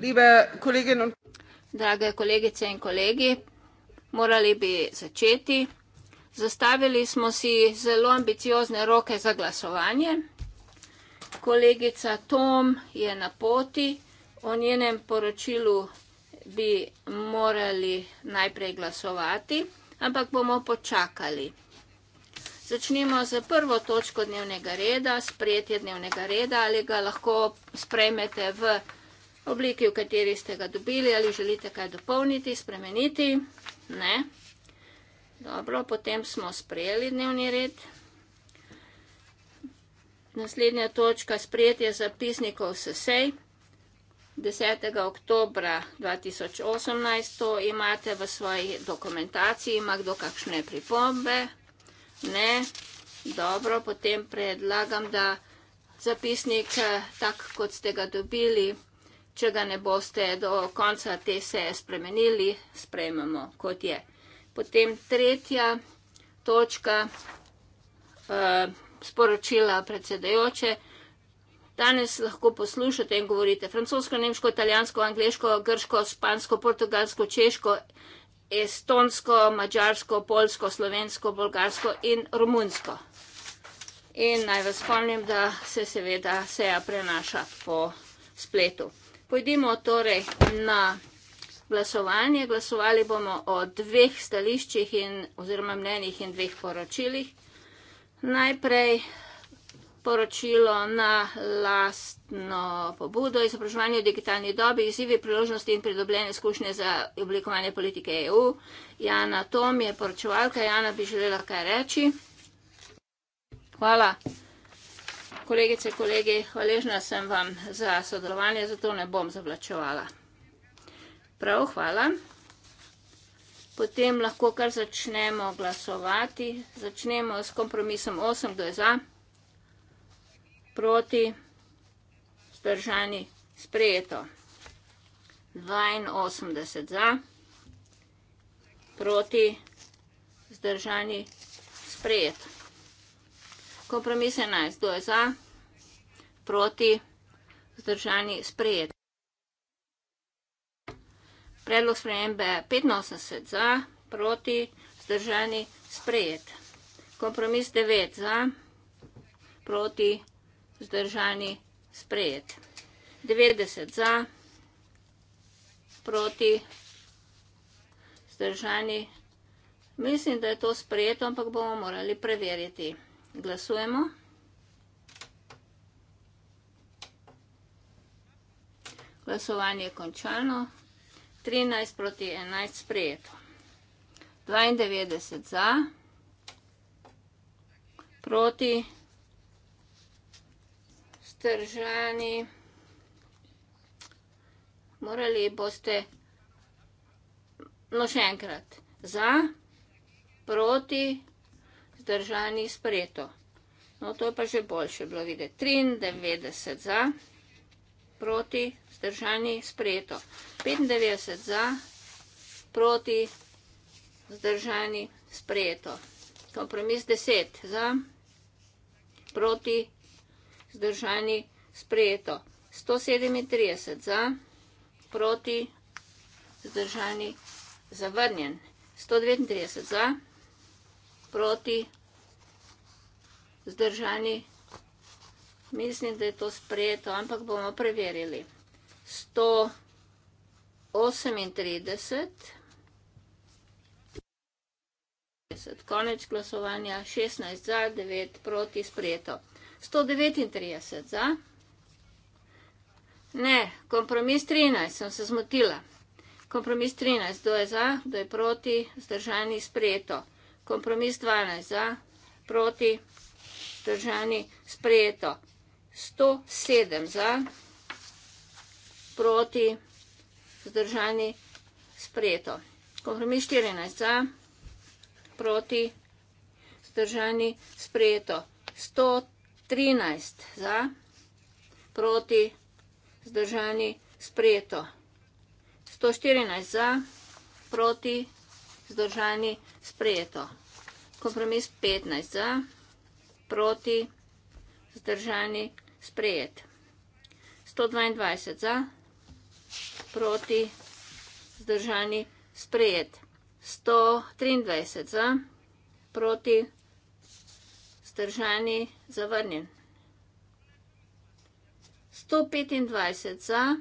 Liebe Kolleginnen und Drage kolegice in kolegi, morali bi začeti. Zastavili smo si zelo ambiciozne roke za glasovanje. Kolegica Tom je na poti, o njenem poročilu bi morali najprej glasovati, ampak bomo počakali. Začnimo z prvo točko dnevnega reda, sprejetje dnevnega reda, ali ga lahko sprejmete v obliki, v kateri ste ga dobili, ali želite kaj dopolniti, spremeniti. Ne. Dobro, potem smo sprejeli dnevni red. Naslednja točka sprejetje zapisnikov sesej. 10. oktobra 2018 to imate v svoji dokumentaciji, ima kdo kakšne pripombe? Ne. Dobro, potem predlagam, da zapisnik eh, tak, kot ste ga dobili, Če ga ne boste do konca te seje spremenili, sprejmemo kot je. Potem tretja točka eh, sporočila predsedajoče. Danes lahko poslušate in govorite francosko, nemško, italijansko, angliško, grško, špansko, portugalsko, češko, estonsko, mačarsko, polsko, slovensko, bolgarsko in romunsko. In naj vas spomnim, da se seveda seja prenaša po spletu. Pojdimo torej na glasovanje. Glasovali bomo o dveh stališčih in, oziroma mnenjih in dveh poročilih. Najprej poročilo na lastno pobudo izobraževanja v digitalni dobi, izzivi, priložnosti in pridobljene izkušnje za oblikovanje politike EU. Jana Tom je poročevalka. Jana bi želela kaj reči. Hvala kolegice, kolegi, hvaležna sem vam za sodelovanje, zato ne bom zavlačevala. Prav, hvala. Potem lahko kar začnemo glasovati. Začnemo s kompromisom 8, kdo je za, proti, zdržani, sprejeto. 82 za, proti, zdržani, sprejeto kompromis 11, kdo je za, proti, zdržani, sprejet. Predlog spremembe 85 za, proti, zdržani, sprejet. Kompromis 9 za, proti, zdržani, sprejet. 90 za, proti, zdržani, mislim, da je to sprejeto, ampak bomo morali preveriti glasujemo. Glasovanje je končalno. 13 proti 11 sprejeto. 92 za, proti, stržani. Morali boste, no še enkrat, za, proti, stržani vzdržani sprejeto. No, to je pa že boljše bilo videti. 93 za, proti, vzdržani sprejeto. 95 za, proti, vzdržani sprejeto. Kompromis 10 za, proti, vzdržani sprejeto. 137 za, proti, vzdržani zavrnjen. 139 za, proti, vzdržani sprejeto zdržani. Mislim, da je to sprejeto, ampak bomo preverili. 138, 50, konec glasovanja, 16 za, 9 proti, sprejeto. 139 za. Ne, kompromis 13, sem se zmotila. Kompromis 13, kdo je za, kdo je proti, zdržani, sprejeto. Kompromis 12 za, proti, sprejeto vzdržani, sprejeto 107 za, proti, vzdržani, sprejeto. Kompromis 14 za, proti, vzdržani, sprejeto 113 za, proti, vzdržani, sprejeto 114 za, proti, vzdržani, sprejeto. Kompromis 15 za proti, zdržani, sprejet. 122 za, proti, zdržani, sprejet. 123 za, proti, zdržani, zavrnjen. 125 za,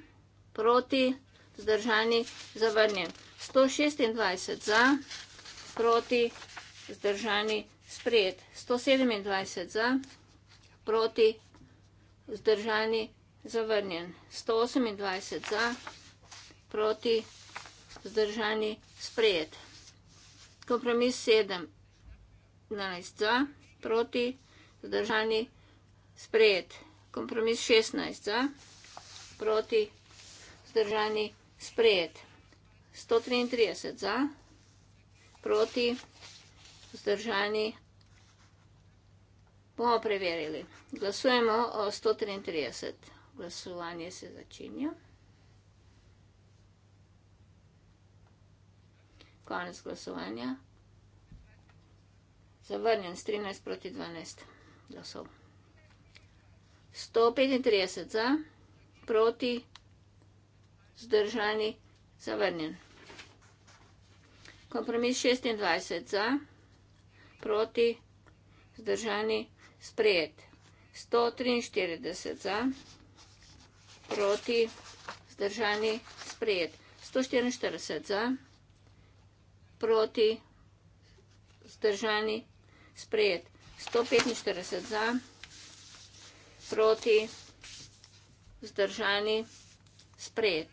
proti, zdržani, zavrnjen. 126 za, proti, zdržani, zavrnjen sprejet 127 za, proti vzdržani zavrnjen 128 za, proti vzdržani sprejet. Kompromis 17 za, proti vzdržani sprejet. Kompromis 16 za, proti vzdržani sprejet. 133 za, proti vzdržani sprejet. Bomo preverili. Glasujemo o 133. Glasovanje se začenja. Konec glasovanja. Zavrnjen s 13 proti 12 glasov. 135 za, proti, zdržani, zavrnjen. Kompromis 26 za, proti, zdržani, zavrnjen sprejet. 143 za, proti, zdržani, sprejet. 144 za, proti, zdržani, sprejet. 145 za, proti, zdržani, sprejet.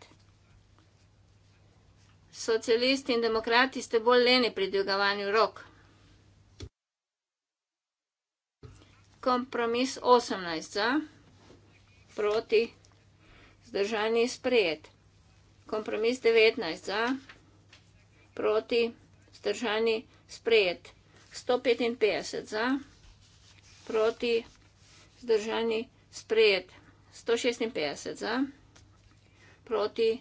Socialisti in demokrati ste bolj leni pri dvigovanju rok. kompromis 18 za, proti, zdržani je sprejet. Kompromis 19 za, proti, zdržani je sprejet. 155 za, proti, zdržani je sprejet. 156 za, proti,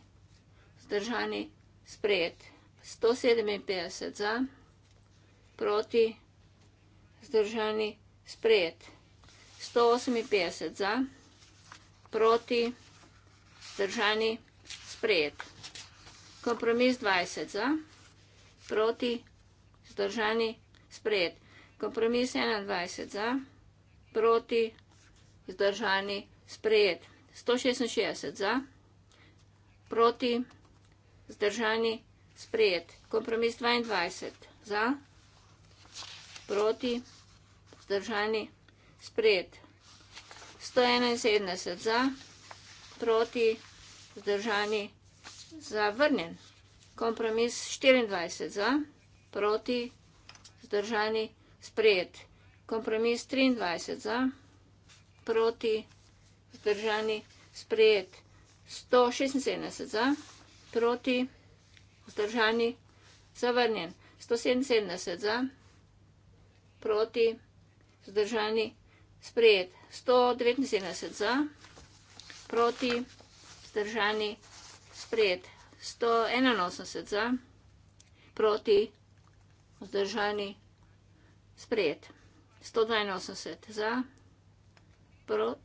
zdržani je sprejet. 157 za, proti, zdržani je sprejet sprejet. 158 za, proti, zdržani, sprejet. Kompromis 20 za, proti, zdržani, sprejet. Kompromis 21 za, proti, zdržani, sprejet. 166 za, proti, zdržani, sprejet. Kompromis 22 za, proti, zdržani, sprejet vzdržani. Sprejet. 171 za, proti, vzdržani, zavrnjen. Kompromis 24 za, proti, vzdržani, sprejet. Kompromis 23 za, proti, vzdržani, sprejet. 176 za, proti, vzdržani, zavrnjen. 177 za, proti, vzdržani, zavrnjen zdržani, sprejet 179 za, proti, zdržani, sprejet 181 za, proti, zdržani, sprejet 182 za, pro,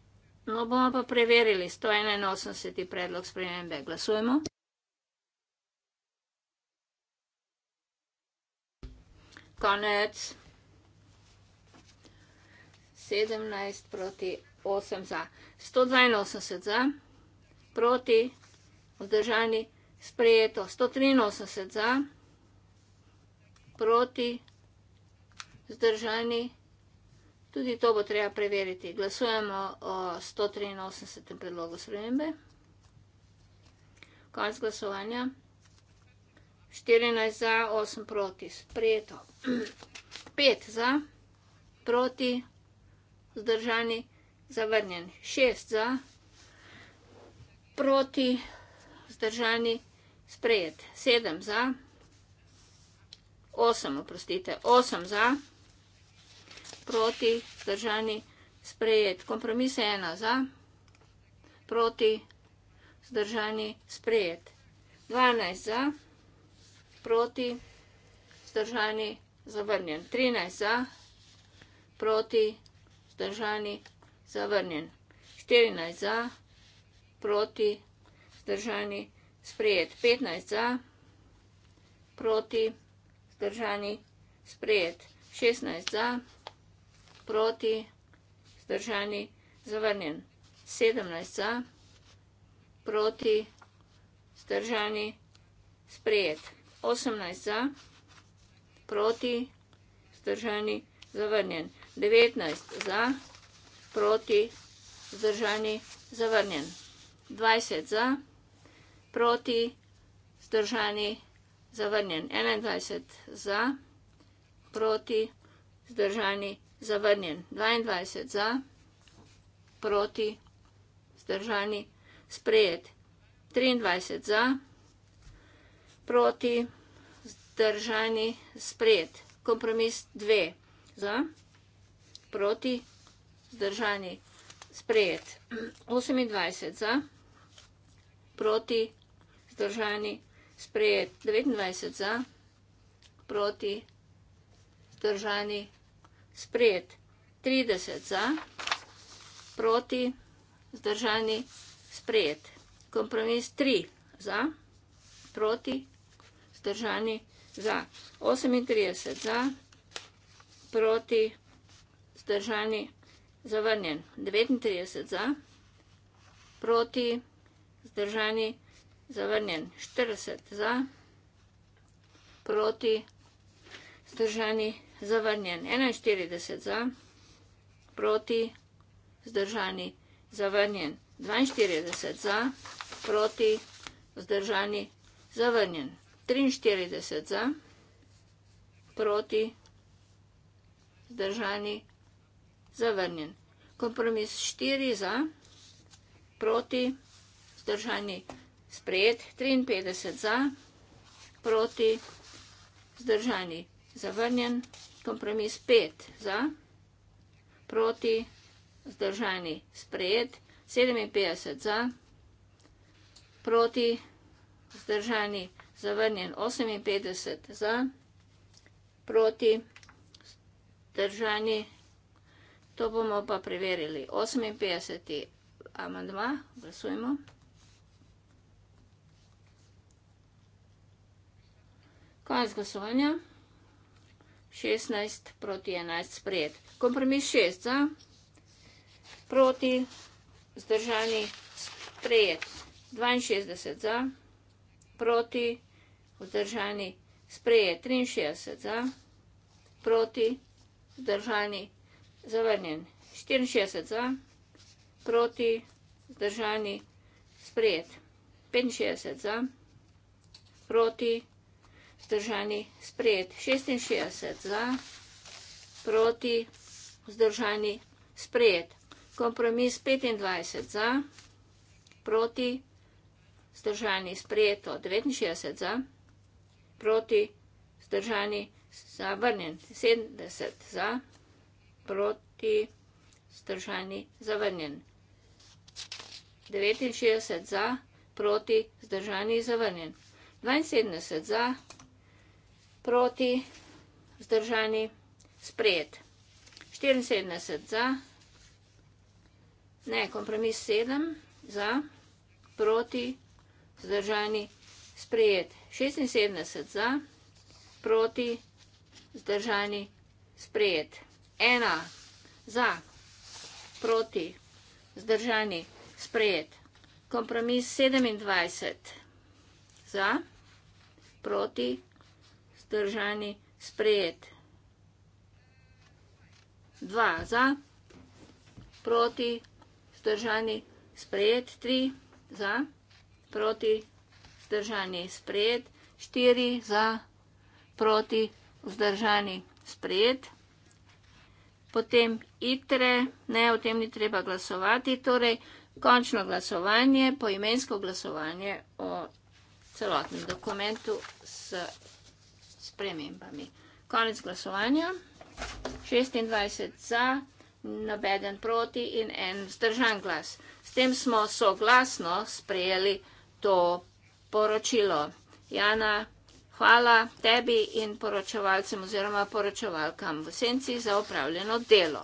no bomo pa preverili 181 predlog spremembe, glasujemo. Konec. 17 proti 8 za. 182 za, proti, vzdržani, sprejeto. 183 za, proti, vzdržani, tudi to bo treba preveriti. Glasujemo o 183. predlogu spremembe. Konc glasovanja. 14 za, 8 proti, sprejeto. 5 za, proti, vzdržani zdržani, zavrnjen, šest za, proti, zdržani, sprejet, sedem za, osem, oprostite, osem za, proti, zdržani, sprejet, kompromis je ena za, proti, zdržani, sprejet, dvanajst za, proti, zdržani, zavrnjen, trinajst za, proti, zdržani, vzdržani, zavrnjen. 14 za, proti, vzdržani, sprejet. 15 za, proti, vzdržani, sprejet. 16 za, proti, vzdržani, zavrnjen. 17 za, proti, vzdržani, sprejet. 18 za, proti, vzdržani, zavrnjen. 19 za, proti, vzdržani, zavrnjen. 20 za, proti, vzdržani, zavrnjen. 21 za, proti, vzdržani, zavrnjen. 22 za, proti, vzdržani, sprejet. 23 za, proti, vzdržani, sprejet. Kompromis 2 za, proti, vzdržani, sprejet proti, zdržani, sprejet. 28 za, proti, zdržani, sprejet. 29 za, proti, zdržani, sprejet. 30 za, proti, zdržani, sprejet. Kompromis 3 za, proti, zdržani, za. 38 za, proti, zdržani, sprejet vzdržani, zavrnjen 39 za, proti, vzdržani, zavrnjen 40 za, proti, vzdržani, zavrnjen 41 za, proti, vzdržani, zavrnjen 42 za, proti, vzdržani, zavrnjen 43 za, proti, vzdržani, zavrnjen 43 za, zavrnjen. Kompromis štiri za, proti, zdržani sprejet, 53 za, proti, zdržani zavrnjen, kompromis pet za, proti, zdržani sprejet, 57 za, proti, zdržani zavrnjen, 58 za, proti, zdržani zavrnjen, To bomo pa preverili. 58. amandma, glasujmo. Konec glasovanja. 16 proti 11 sprejet. Kompromis 6 za, proti, zdržani sprejet. 62 za, proti, vzdržani sprejet. 63 za, proti, zdržani sprejet zavrnjen. 64 za, proti, zdržani, sprejet. 65 za, proti, zdržani, sprejet. 66 za, proti, zdržani, sprejet. Kompromis 25 za, proti, zdržani, sprejeto. 69 za, proti, zdržani, zavrnjen. 70 za, proti, zdržani, sprejeto proti vzdržani zavrnjen. 69 za, proti vzdržani zavrnjen. 72 za, proti vzdržani sprejet. 74 za, ne, kompromis 7 za, proti vzdržani sprejet. 76 za, proti vzdržani sprejet. 76 za, proti vzdržani sprejet ena za, proti, zdržani, sprejet. Kompromis 27 za, proti, zdržani, sprejet. Dva za, proti, zdržani, sprejet. Tri za, proti, zdržani, sprejet. Štiri za, proti, zdržani, sprejet. Sprejet potem itre, ne, o tem ni treba glasovati, torej končno glasovanje, poimensko glasovanje o celotnem dokumentu s spremembami. Konec glasovanja, 26 za, nobeden proti in en zdržan glas. S tem smo soglasno sprejeli to poročilo. Jana, Hvala tebi in poročevalcem oziroma poročevalkam v senci za opravljeno delo.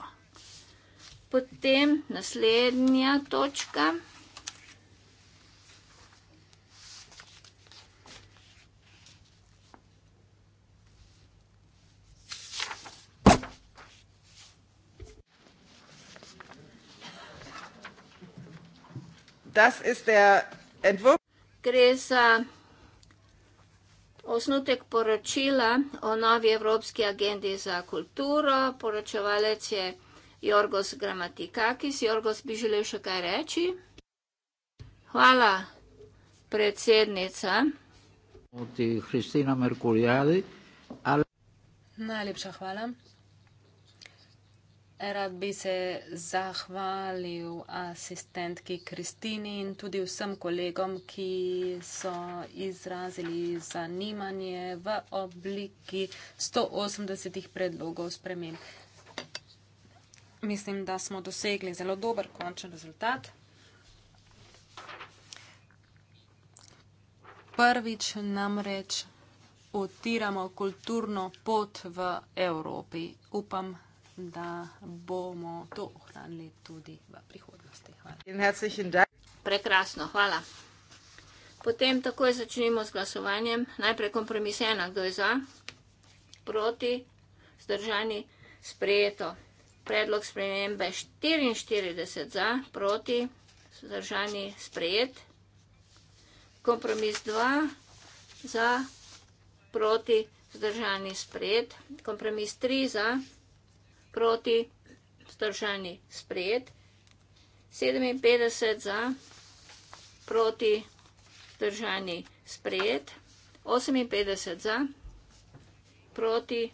Potem naslednja točka. Das ist der Entwurf. Gre za Osnutek poročila o novi evropski agendi za kulturo, poročevalec je Jorgos Gramatikakis. Jorgos, bi želel še kaj reči? Hvala, predsednica. Najlepša hvala. Rad bi se zahvalil asistentki Kristini in tudi vsem kolegom, ki so izrazili zanimanje v obliki 180 predlogov sprememb. Mislim, da smo dosegli zelo dober končen rezultat. Prvič namreč utiramo kulturno pot v Evropi. Upam, da da bomo to ohranili tudi v prihodnosti. Hvala. Prekrasno, hvala. Potem takoj začnimo z glasovanjem. Najprej kompromis ena, kdo je za, proti, zdržani, sprejeto. Predlog spremembe 44 za, proti, zdržani, sprejet. Kompromis 2 za, proti, zdržani, sprejet. Kompromis 3 za, proti, vzdržani, sprejet. 57 za, proti, vzdržani, sprejet. 58 za, proti,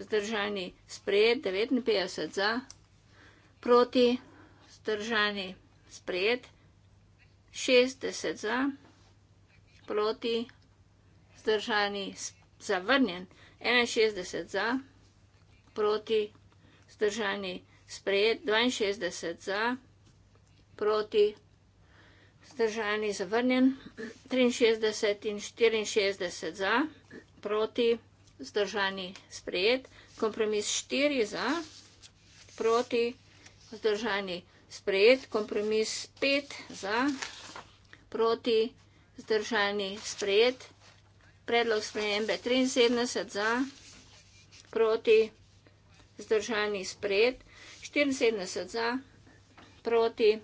vzdržani, sprejet. 59 za, proti, vzdržani, sprejet. 60 za, proti, vzdržani, zavrnjen. 61 za, proti, vzdržani, sprejet vzdržani, sprejet 62 za, proti vzdržani, zavrnjen 63 in 64 za, proti vzdržani, sprejet, kompromis 4 za, proti vzdržani, sprejet, kompromis 5 za, proti vzdržani, sprejet, predlog spremembe 73 za, proti vzdržani, vzdržani spred, 74 za, proti,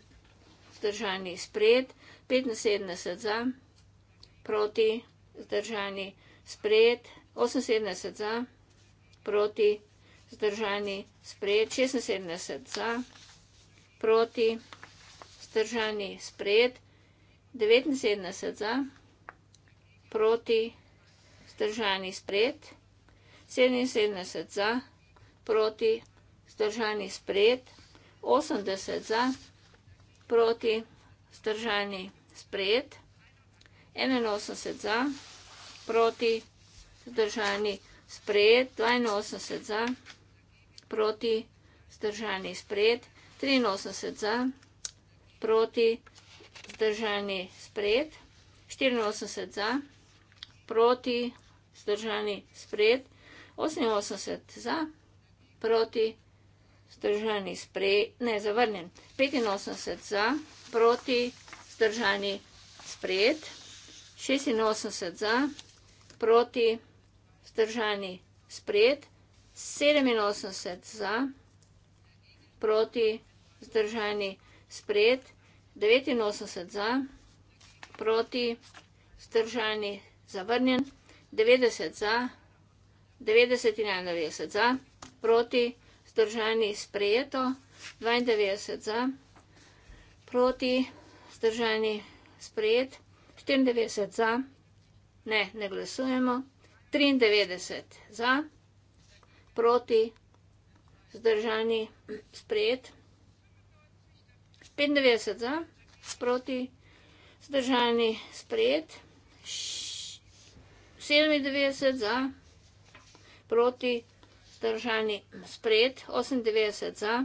vzdržani spred, 75 za, proti, vzdržani spred, 78 za, proti, vzdržani spred, 76 za, proti, vzdržani spred, 79 za, proti, vzdržani spred, 77 za, proti, proti, vzdržani sprejet. 80 za, proti, vzdržani sprejet. 81 za, proti, vzdržani sprejet. 82 za, proti, vzdržani sprejet. 83 za, proti, vzdržani sprejet. 84 za, proti, vzdržani sprejet. 88 za, proti, vzdržani sprejet. 88 za, proti, zdržani spre, ne, zavrnjen, 85 za, proti, zdržani sprejet, 86 za, proti, zdržani sprejet, 87 za, proti, zdržani sprejet, 89 za, proti, zdržani zavrnjen, 90 za, 90 in 91 za, proti, zdržani sprejeto, 92 za, proti, zdržani sprejet, 94 za, ne, ne glasujemo, 93 za, proti, zdržani sprejet, 95 za, proti, zdržani sprejet, 97 za, proti, zdržani sprejet, vzdržani spred, 98 za,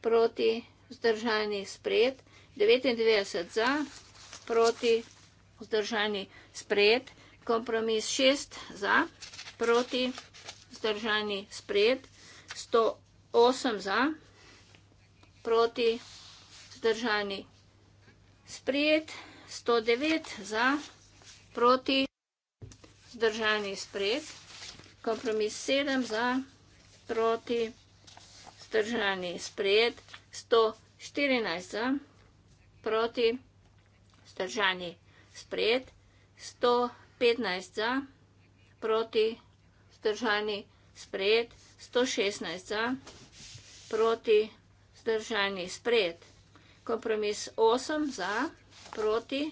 proti vzdržani spred, 99 za, proti vzdržani spred, kompromis 6 za, proti vzdržani spred, 108 za, proti vzdržani spred, 109 za, proti vzdržani spred kompromis 7 za, proti, stržani sprejet, 114 za, proti, stržani sprejet, 115 za, proti, stržani sprejet, 116 za, proti, stržani sprejet, kompromis 8 za, proti,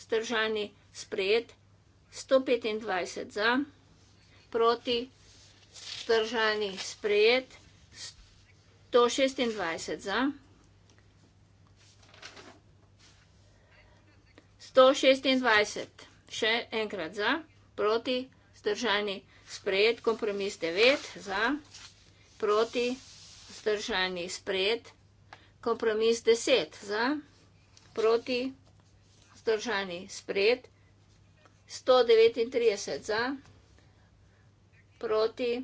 stržani sprejet, 125 za, proti, stržani sprejet, proti, vzdržani, sprejet, 126 za, 126, še enkrat za, proti, vzdržani, sprejet, kompromis 9 za, proti, vzdržani, sprejet, kompromis 10 za, proti, vzdržani, sprejet, 139 za, proti,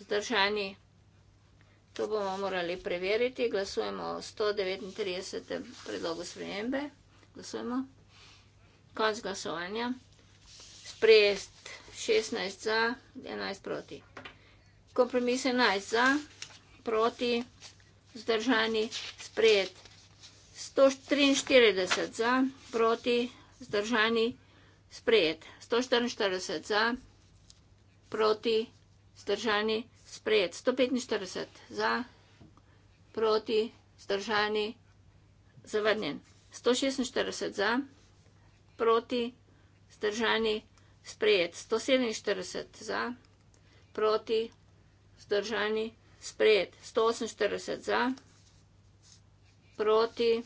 zdržani. To bomo morali preveriti. Glasujemo o 139. predlogu spremembe. Glasujemo. Konc glasovanja. Sprejest 16 za, 11 proti. Kompromis 11 za, proti, zdržani, sprejet. 143 za, proti, zdržani, sprejet. 144 za, proti proti, zdržani, sprejet. 145 za, proti, zdržani, zavrnjen. 146 za, proti, zdržani, sprejet. 147 za, proti, zdržani, sprejet. 148 za, proti,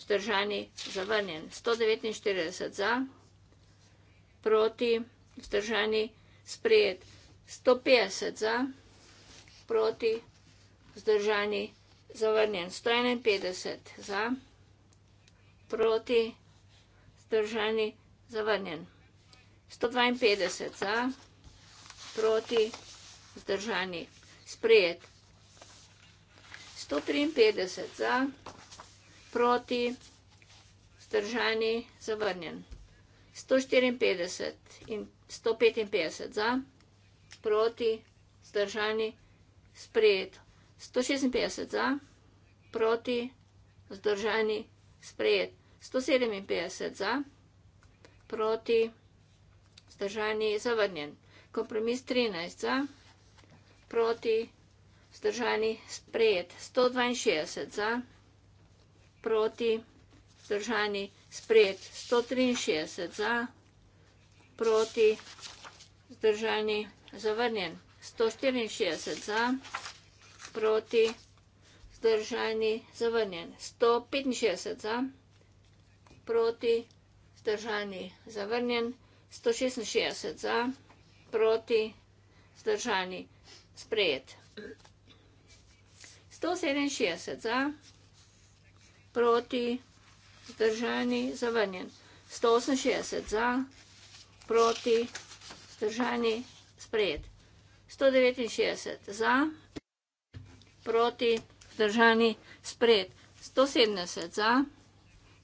zdržani, zavrnjen. 149 za, proti, zdržani, sprejet sprejet 150 za, proti, vzdržani, zavrnjen 151 za, proti, vzdržani, zavrnjen 152 za, proti, vzdržani, sprejet 153 za, proti, vzdržani, zavrnjen 154 in 15 sto petinpetdeset za, proti, vzdržani, sprejeto. sto šestinpetdeset za, proti, vzdržani, sprejet. sto sedeminpetdeset za, proti, vzdržani, zavrnjen. Kompromis trinajst za, proti, vzdržani, sprejet. sto dvainšestdeset za, proti, vzdržani, sprejet. sto triinšestdeset za proti zdržani zavrnjen. 164 za, proti zdržani zavrnjen. 165 za, proti zdržani zavrnjen. 166 za, proti zdržani sprejet. 167 za, proti zdržani zavrnjen. 168 za, proti, vzdržani, sprejet. 169 za, proti, vzdržani, sprejet. 170 za,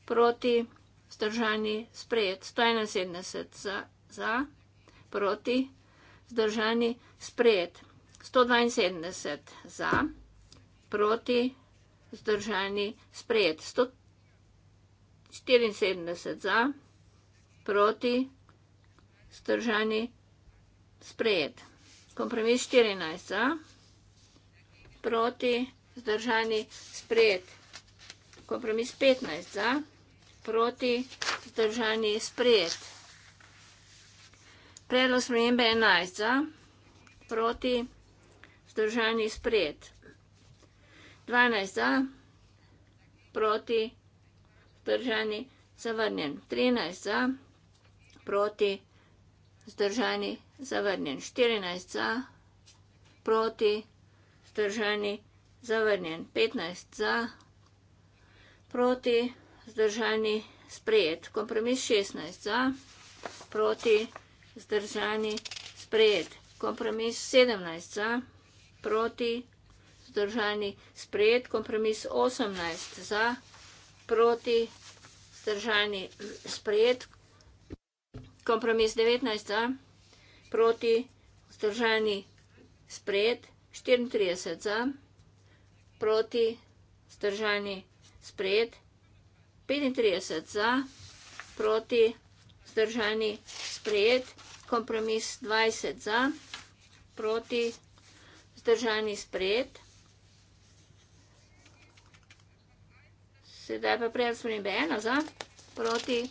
proti, vzdržani, sprejet. 171 za, za, proti, vzdržani, sprejet. 172 za, proti, vzdržani, sprejet. 174 za, proti, vzdržani, sprejet. Zdržani. Sprejet. Kompromis 14 za. Proti. Zdržani. Sprejet. Kompromis 15 za. Proti. Zdržani. Sprejet. Predlog spremembe 11 za. Proti. Zdržani. Sprejet. 12 za. Proti. Zdržani. Zavrnjen. 13 za. Proti. Zdržani zdržani, zavrnjen, 14 za, proti, zdržani, zavrnjen, 15 za, proti, zdržani, sprejet, kompromis 16 za, proti, zdržani, sprejet, kompromis 17 za, proti, zdržani, sprejet, kompromis 18 za, proti, zdržani, sprejet, kompromis 19 za, proti vzdržani spred, 34 za, proti vzdržani spred, 35 za, proti vzdržani spred, kompromis 20 za, proti vzdržani spred. Sedaj pa prejem spremembe 1 za, proti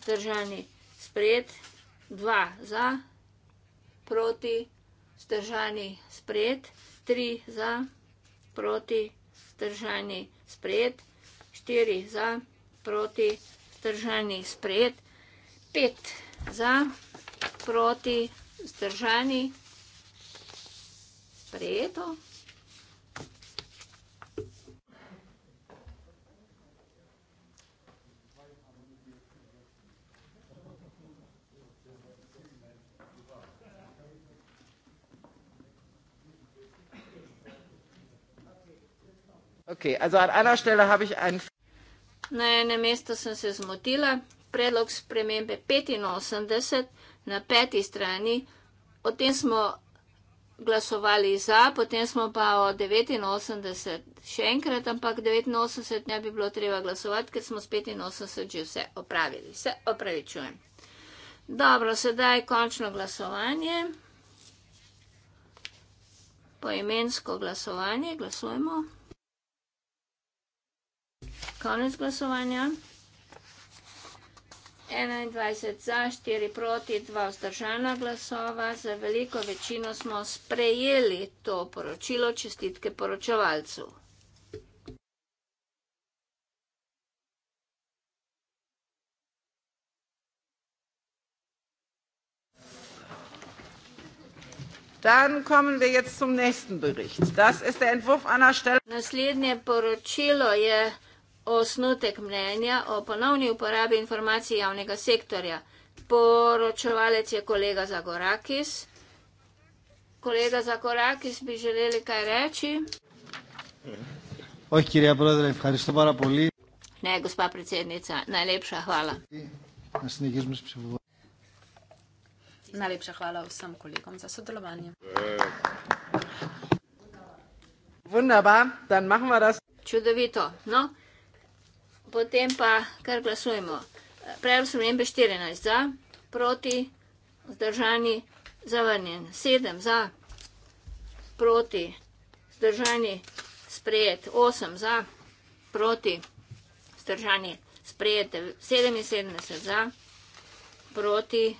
vzdržani spred sprejet, dva za, proti, stržani, sprejet, tri za, proti, stržani, sprejet, štiri za, proti, stržani, sprejet, pet za, proti, stržani, sprejeto. Okay, also an einer Stelle habe ich ein Na enem mestu sem se zmotila, predlog spremembe 85 na peti strani, o tem smo glasovali za, potem smo pa o 89 še enkrat, ampak 89 ne bi bilo treba glasovati, ker smo s 85 že vse opravili. Se opravičujem. Dobro, sedaj končno glasovanje. Poimensko glasovanje, glasujemo. Konec glasovanja. 21 za, 4 proti, 2 vzdržana glasova. Za veliko večino smo sprejeli to poročilo. Čestitke poročevalcu. Dan kommen wir jetzt zum nächsten Bericht. Das ist der Entwurf einer Stelle. Naslednje poročilo je osnutek mnenja o ponovni uporabi informacij javnega sektorja. Poročevalec je kolega Zagorakis. Kolega Zagorakis, bi želeli kaj reči? Oj, kjer je brodre, kaj so bara poli? Ne, gospa predsednica, najlepša hvala. Najlepša hvala vsem kolegom za sodelovanje. Čudovito. No, potem pa kar glasujemo. Prejel sem nebe 14 za, proti, zdržani, zavrnjen. 7 za, proti, zdržani, sprejet. 8 za, proti, zdržani, sprejet. 77 za, proti,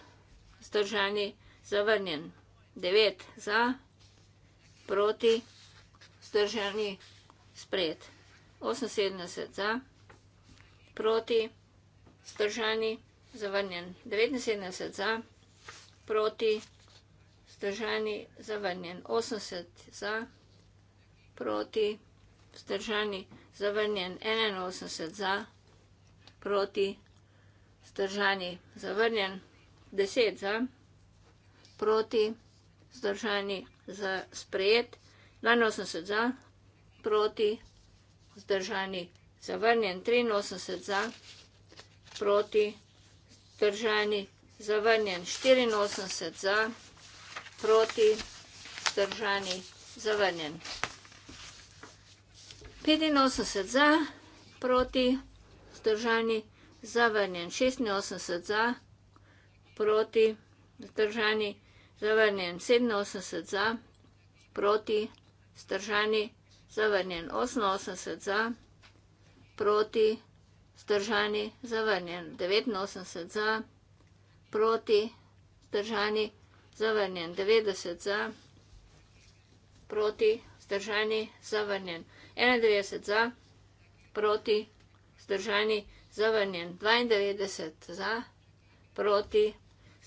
zdržani, zavrnjen. 9 za, proti, zdržani, sprejet. 78 za, proti, zdržani, sprejet. 78 za, proti, stržani, zavrnjen. 79 za, proti, stržani, zavrnjen. 80 za, proti, stržani, zavrnjen. 81 za, proti, stržani, zavrnjen. 10 za, proti, stržani, za sprejet. 82 za, proti, stržani, zavrnjen zavrnjen 83 za, proti, zdržani, zavrnjen 84 za, proti, zdržani, zavrnjen. 85 za, proti, zdržani, zavrnjen. 86 za, proti, zdržani, zavrnjen. 87 za, proti, zdržani, zavrnjen. 88 za, proti, zdržani, zavrnjen proti, zdržani, zavrnjen. 89 za, proti, zdržani, zavrnjen. 90 za, proti, zdržani, zavrnjen. 91 za, proti, zdržani, zavrnjen. 92 za, proti,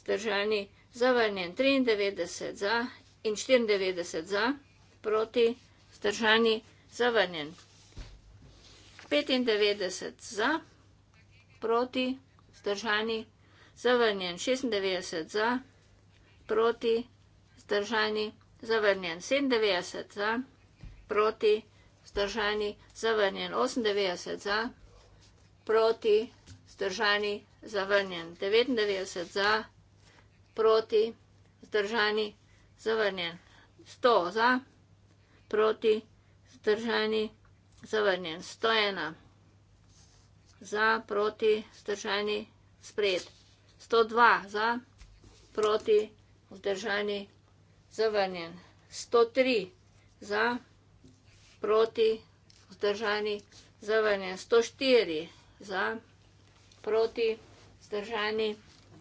zdržani, zavrnjen. 93 za in 94 za, proti, zdržani, zavrnjen. 95 za, proti, zdržani, zavrnjen 96 za, proti, zdržani, zavrnjen 97 za, proti, zdržani, zavrnjen 98 za, proti, zdržani, zavrnjen 99 za, proti, zdržani, zavrnjen 100 za, proti, zdržani, zavrnjen 100 za, zavrnjen. 101 za, proti, vzdržani, spred. 102 za, proti, vzdržani, zavrnjen. 103 za, proti, vzdržani, zavrnjen. 104 za, proti, vzdržani,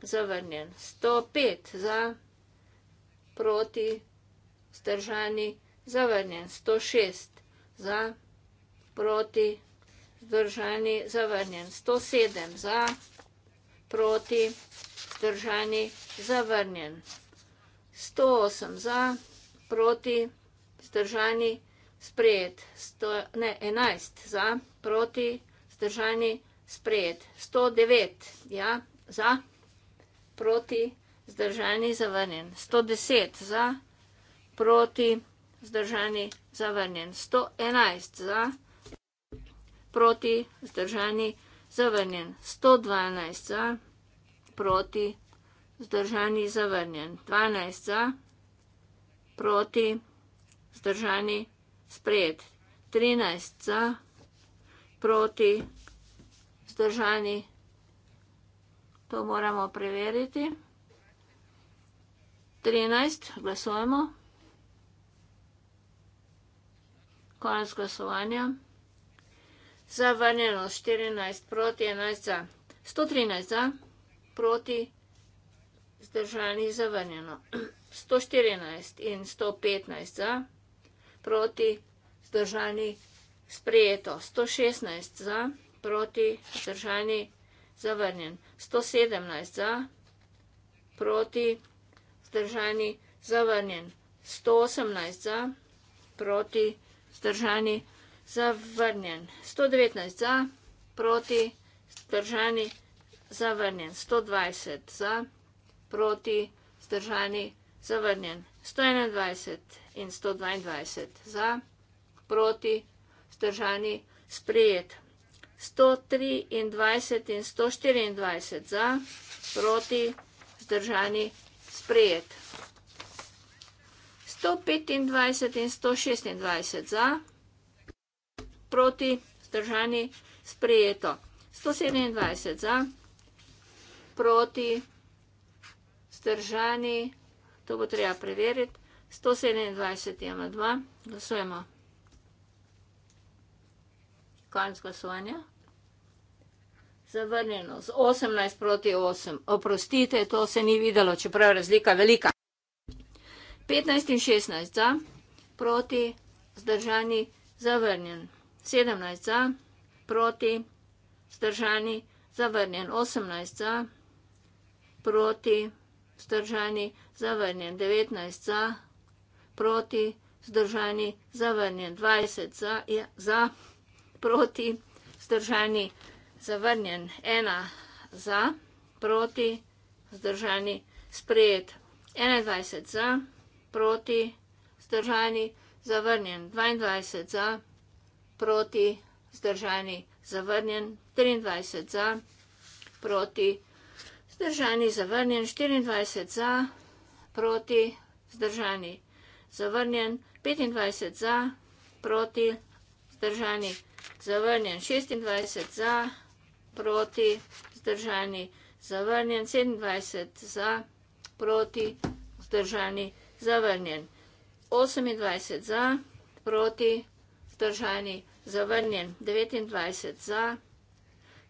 zavrnjen. 105 za, proti, vzdržani, zavrnjen. 106 za, proti, vzdržani, zavrnjen proti, zdržani, zavrnjen. 107 za, proti, zdržani, zavrnjen. 108 za, proti, zdržani, sprejet. Sto, ne, 11 za, proti, zdržani, sprejet. 109 ja, za, proti, zdržani, zavrnjen. 110 za, proti, zdržani, zavrnjen. 111 za, proti, zdržani, zavrnjen proti, zdržani, zavrnjen. 112 za, proti, zdržani, zavrnjen. 12 za, proti, zdržani, sprejet. 13 za, proti, zdržani, to moramo preveriti. 13, glasujemo. Konec glasovanja. Zavrnjeno 14 proti 11 za. 113 za proti zdržani zavrnjeno. 114 in 115 za proti zdržani sprejeto. 116 za proti zdržani zavrnjen. 117 za proti zdržani zavrnjen. 118 za proti zdržani zavrnjen zavrnjen. 119 za, proti, zdržani, zavrnjen. 120 za, proti, zdržani, zavrnjen. 121 in 122 za, proti, zdržani, sprijet. 123 in 124 za, proti, zdržani, sprijet. 125 in 126 za, proti, zdržani, sprijet proti, vzdržani, sprejeto. 127 za, proti, vzdržani, to bo treba preveriti, 127 ima 2, glasujemo. Konc glasovanja. Zavrnjeno z 18 proti 8. Oprostite, to se ni videlo, čeprav je razlika velika. 15 in 16 za, proti, zdržani, zavrnjeno. 17 za, proti, zdržani, zavrnjen. 18 za, proti, zdržani, zavrnjen. 19 za, proti, zdržani, zavrnjen. 20 za, je, za proti, zdržani, zavrnjen. 1 za, proti, zdržani, sprejet. 21 za, proti, zdržani, zavrnjen. 22 za, proti, zdržani, zavrnjen proti, zdržani, zavrnjen, 23 za, proti, zdržani, zavrnjen, 24 za, proti, zdržani, zavrnjen, 25 za, proti, zdržani, zavrnjen, 26 za, proti, zdržani, zavrnjen, 27 za, proti, zdržani, zavrnjen, 28 za, proti, zdržani, zavrnjen vzdržani, zavrnjen, 29 za,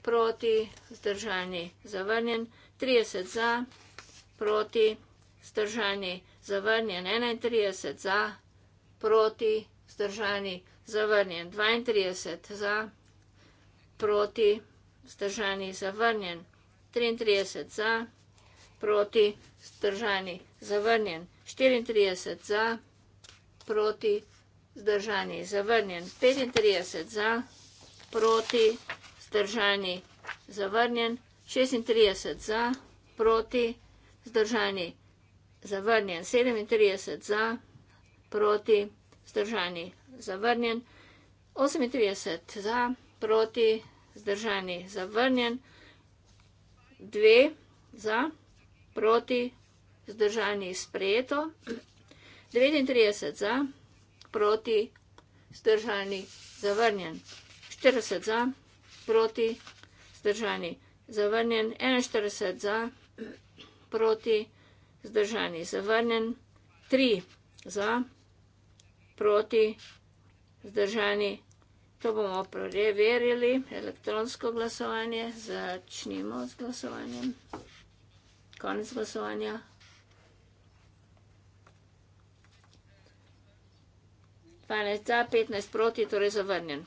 proti, vzdržani, zavrnjen, 30 za, proti, vzdržani, zavrnjen, 31 za, proti, vzdržani, zavrnjen, 32 za, proti, vzdržani, zavrnjen, 33 za, proti, vzdržani, zavrnjen, 34 za, proti, vzdržani, zavrnjen, 34 za, proti, zdržani, zavrnjen, 35 za, proti, zdržani, zavrnjen, 36 za, proti, zdržani, zavrnjen, 37 za, proti, zdržani, zavrnjen, 38 za, proti, zdržani, zavrnjen, 2 za, proti, zdržani, sprejeto, 39 za, proti, zdržani, zavrnjen, proti, zdržani, zavrnjen. 40 za, proti, zdržani, zavrnjen. 41 za, proti, zdržani, zavrnjen. 3 za, proti, zdržani. To bomo preverili, elektronsko glasovanje. Začnimo z glasovanjem. Konec glasovanja. 12 za, 15 proti, torej zavrnjen.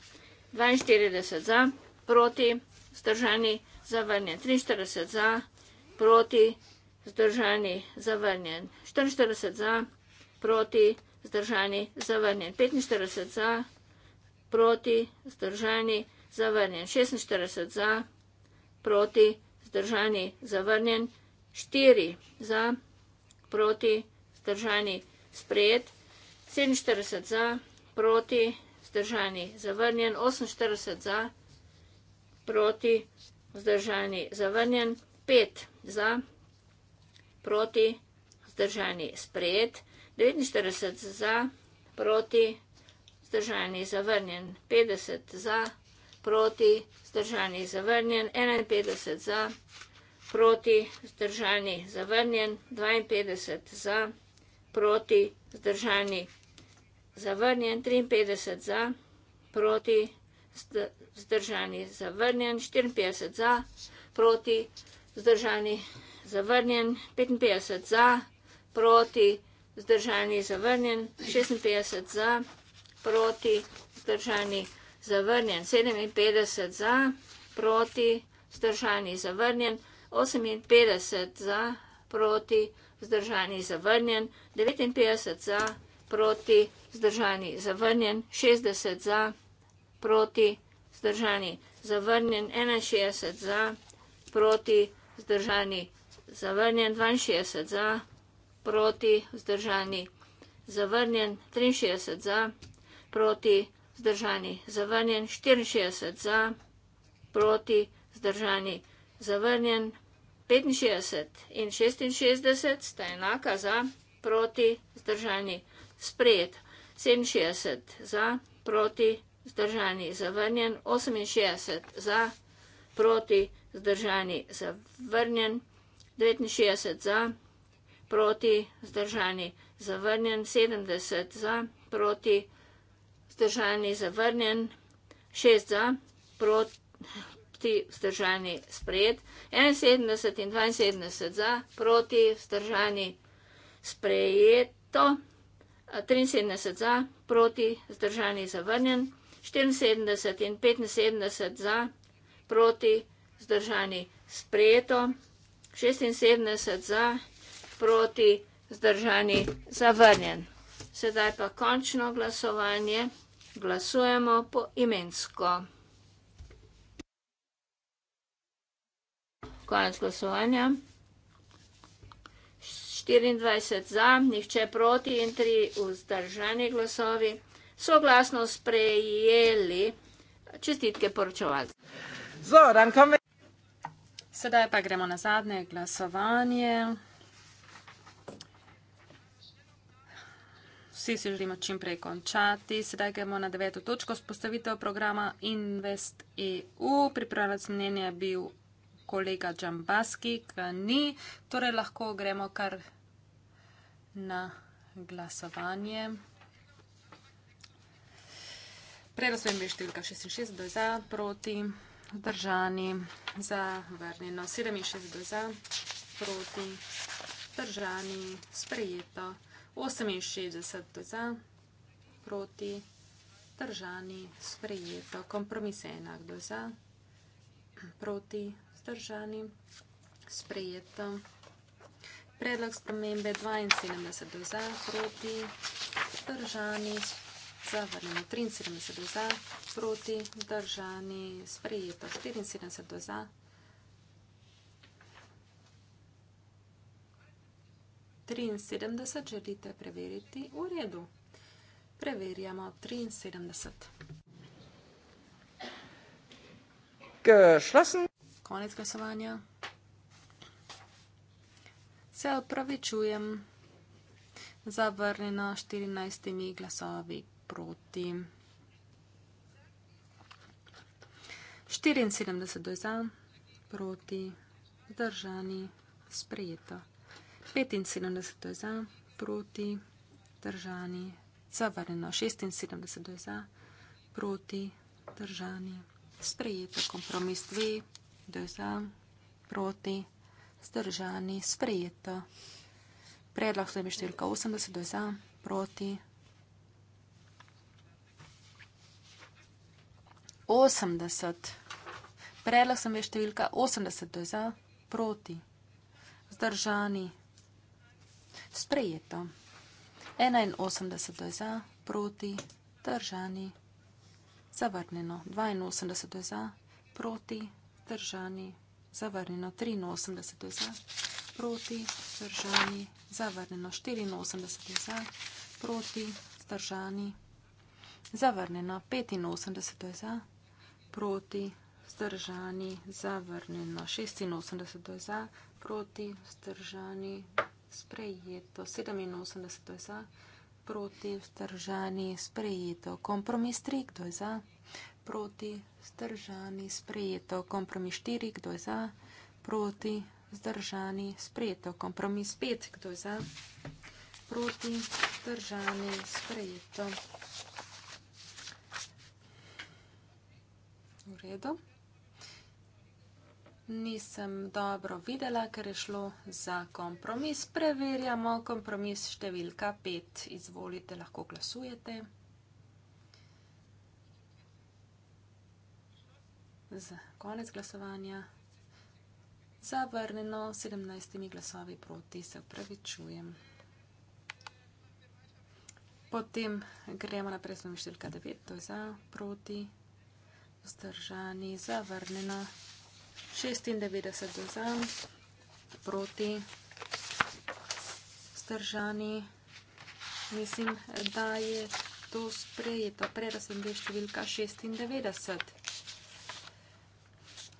42 za, proti, zdržani, zavrnjen. 43 za, proti, zdržani, zavrnjen. 44 za, proti, zdržani, zavrnjen. 45 za, proti, zdržani, zavrnjen. 46 za, proti, zdržani, zavrnjen. 4 za, proti, zdržani, sprejet. 47 za, proti, vzdržani, zavrnjen, 48 za, proti, vzdržani, zavrnjen, 5 za, proti, vzdržani, sprejet, 49 za, proti, vzdržani, zavrnjen, 50 za, proti, vzdržani, zavrnjen, 51 za, proti, vzdržani, zavrnjen, 52 za, proti, vzdržani, zavrnjen, 52 za, proti, zdržani. Zavrnjen, 53 za, proti, zdržani. Zavrnjen, 54 za, proti, zdržani. Zavrnjen, 55 za, proti, zdržani. Zavrnjen, 56 za, proti, zdržani. Zavrnjen, 57 za, proti, zdržani. Zavrnjen, 58 za, proti, zdržani vzdržani, zavrnjen, 59 za, proti, vzdržani, zavrnjen, 60 za, proti, vzdržani, zavrnjen, 61 za, proti, vzdržani, zavrnjen, 62 za, proti, vzdržani, zavrnjen, 63 za, proti, vzdržani, zavrnjen, 64 za, proti, vzdržani, zavrnjen, 64 za, proti, vzdržani, zavrnjen, 65 in 66 sta enaka za proti zdržani sprejet. 67 za proti zdržani zavrnjen, 68 za proti zdržani zavrnjen, 69 za proti zdržani zavrnjen, 70 za proti zdržani zavrnjen, 6 za proti ti vzdržani sprejet, 71 in 72 za, proti vzdržani sprejeto, 73 za, proti vzdržani zavrnjen, 74 in 75 za, proti vzdržani sprejeto, 76 za, proti vzdržani zavrnjen. Sedaj pa končno glasovanje. Glasujemo po imensko. Konec glasovanja. 24 za, nihče proti in 3 vzdržani glasovi so glasno sprejeli čestitke poročevalcev. Zoran, kam je? Sedaj pa gremo na zadnje glasovanje. Vsi si želimo čim prej končati. Sedaj gremo na deveto točko spostavitev programa InvestEU. Pripravljac mnenja je bil kolega Džambaski, ki ni, torej lahko gremo kar na glasovanje. Predlog sem bil številka 66, za, proti, držani, za, vrnjeno, 67, za, proti, držani, sprejeto, 68, za, proti, držani, sprejeto, kompromis je enak, za, proti, vzdržani. Sprejeto. Predlog spomembe 72 za, proti, vzdržani. Zavrnemo 73 za, proti, vzdržani. Sprejeto 74 za. Triinsedemdeset želite preveriti v redu. Preverjamo triinsedemdeset. Geschlossen konec glasovanja. Se opravičujem, zavrnjeno 14 glasovi proti. 74 do za, proti, zdržani, sprejeto. 75 do za, proti, zdržani, zavrnjeno. 76 do za, proti, zdržani, sprejeto. Kompromis 2. 2 za, proti, zdržani, sprejeto. Predlog sledi številka 80, 2 za, proti. 80. Predlog sem veš številka 80 do za, proti, zdržani, sprejeto. 81 do za, proti, zdržani, zavrneno. 82 do za, proti, zdržani vzdržani, zavrnjeno 83 je za, proti, vzdržani, zavrnjeno 84 je za, proti, vzdržani, zavrnjeno 85 je za, proti, vzdržani, zavrnjeno 86 je za, proti, vzdržani, sprejeto 87 je za, proti, vzdržani, sprejeto kompromis 3, kdo je za proti, zdržani, sprejeto, kompromis 4, kdo je za, proti, zdržani, sprejeto, kompromis 5, kdo je za, proti, zdržani, sprejeto. V redu. Nisem dobro videla, ker je šlo za kompromis. Preverjamo kompromis številka 5. Izvolite, lahko glasujete. z konec glasovanja. Zavrnjeno 17 glasovi proti, se upravičujem. Potem gremo naprej z novim številka 9, to je za, proti, vzdržani, zavrnjeno 96 do za, proti, vzdržani. Mislim, da je to sprejeto, preda sem bil številka 96.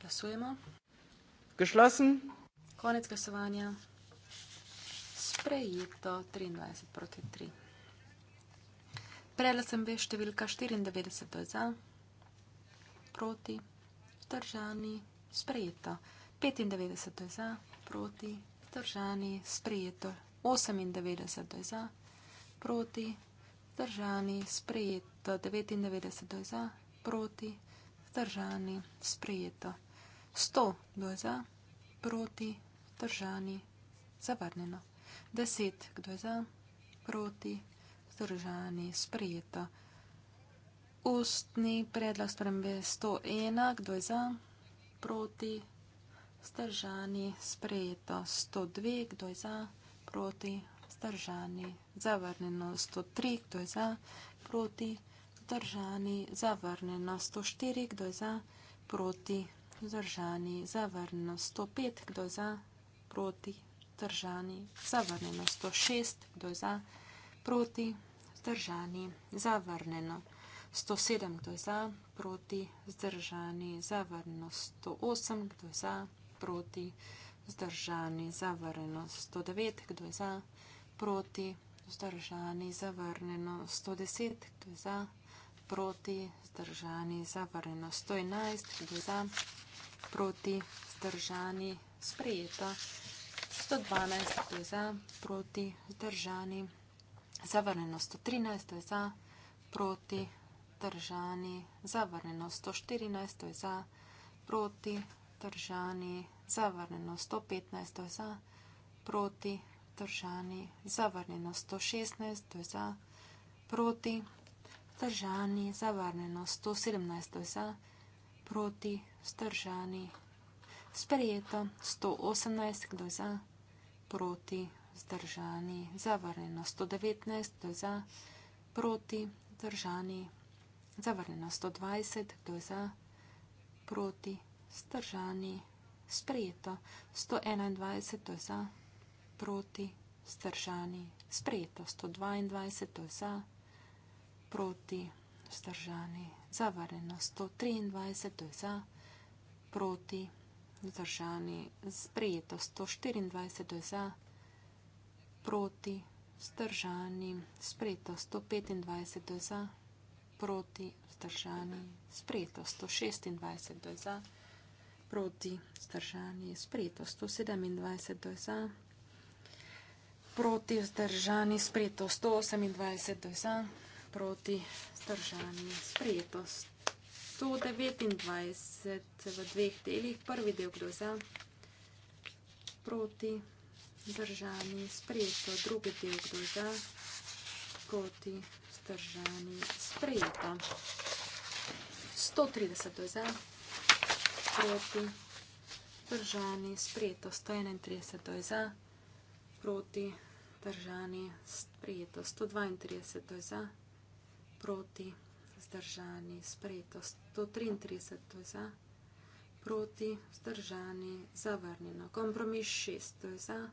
Glasujemo. Geschlossen. Konec glasovanja. Sprejeto 23 proti 3. Prejela sem ve številka 94 do za, proti, vzdržani, sprejeto. 95 do za, proti, vzdržani, sprejeto. 98 do za, proti, vzdržani, sprejeto. 99 do za, proti, vzdržani, sprejeto. 100, kdo je za, proti, vzdržani, zavrnjeno. 10, kdo je za, proti, vzdržani, sprijeto. Ustni predlog spremembe 101, kdo je za, proti, vzdržani, sprijeto. 102, kdo je za, proti, vzdržani, zavrnjeno. 103, kdo je za, proti, vzdržani, zavrnjeno. 104, kdo je za, proti, vzdržani. Zdržani, zavrnjeno 105, kdo za, proti, zdržani, zavrnjeno 106, kdo za, proti, zdržani, zavrnjeno 107, kdo za, proti, zdržani, zavrnjeno 108, kdo za, proti, zdržani, zavrnjeno 109, kdo za, proti, zdržani, zavrnjeno 110, kdo za, proti, zdržani, zavrnjeno 111, kdo za, proti, proti zdržani sprejeta, 112 je za proti zdržani, zavrneno 113 je za proti zdržani, zavrneno 114 je za proti zdržani, zavrneno 115 je za proti zdržani, zavrneno 116 je za proti zdržani, zavrneno 117 je za proti zdržani proti, vzdržani. Sprejeto 118, kdo za, proti, vzdržani. Zavrnjeno 119, kdo za, proti, vzdržani. Zavrnjeno 120, kdo za, proti, vzdržani. Sprejeto 121, kdo za, proti, vzdržani. Sprejeto 122, kdo za, proti, vzdržani vzdržani, za vareno 123, to je za, proti, vzdržani, sprejeto 124, to je za, proti, vzdržani, sprejeto 125, to je za, proti, vzdržani, sprejeto 126, to je za, proti, vzdržani, sprejeto 127, to je za, proti, vzdržani, sprejeto 128, to je za, proti zdržanju. Sprejeto 129 v dveh delih, prvi del kdo za, proti zdržanju. Sprejeto drugi del kdo za, proti zdržanju. Sprejeto 130 kdo za, proti zdržanju. Sprejeto 131 kdo za, proti zdržanju. Sprejeto 132 kdo za proti, zdržani, sprejeto 133, to je za, proti, zdržani, zavrnjeno. Kompromis 6, to je za,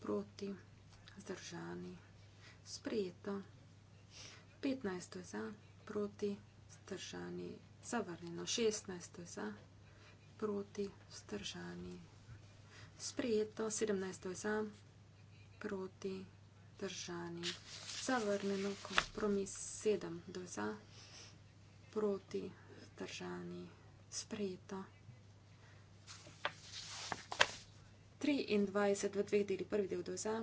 proti, zdržani, sprejeto 15, to je za, proti, zdržani, zavrnjeno 16, to je za, proti, zdržani, sprejeto 17, to je za, proti, zdržani, vzdržani. Zavrnjeno kompromis 7 do za, proti vzdržani, sprejeto. 23 v dveh deli, prvi del do za,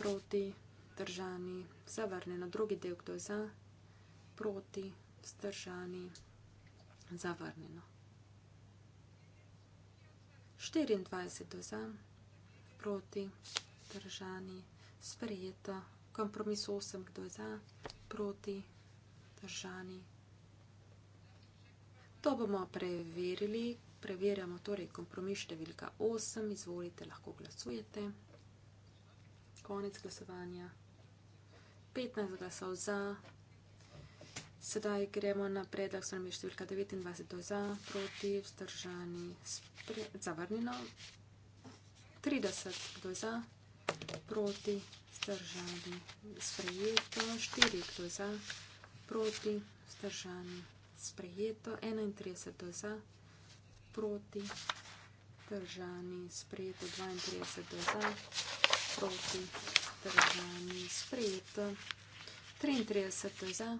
proti vzdržani, zavrnjeno. Drugi del do za, proti vzdržani, zavrnjeno. 24 do za, proti vzdržani, zavrnjeno sprejeta. Kompromis 8, kdo je za, proti, držani. To bomo preverili. Preverjamo torej kompromis številka 8. Izvolite, lahko glasujete. Konec glasovanja. 15 glasov za. Sedaj gremo na predlog stranbe številka 29, to je za, proti, vzdržani, spre, zavrnjeno. 30, kdo je za, proti, zdržani, sprejeto, štiri to za, proti, zdržani, sprejeto, 31 to za, proti, zdržani, sprejeto, 32 to za, proti, zdržani, sprejeto, 33 to za, proti, zdržani, sprejeto, 34 to za,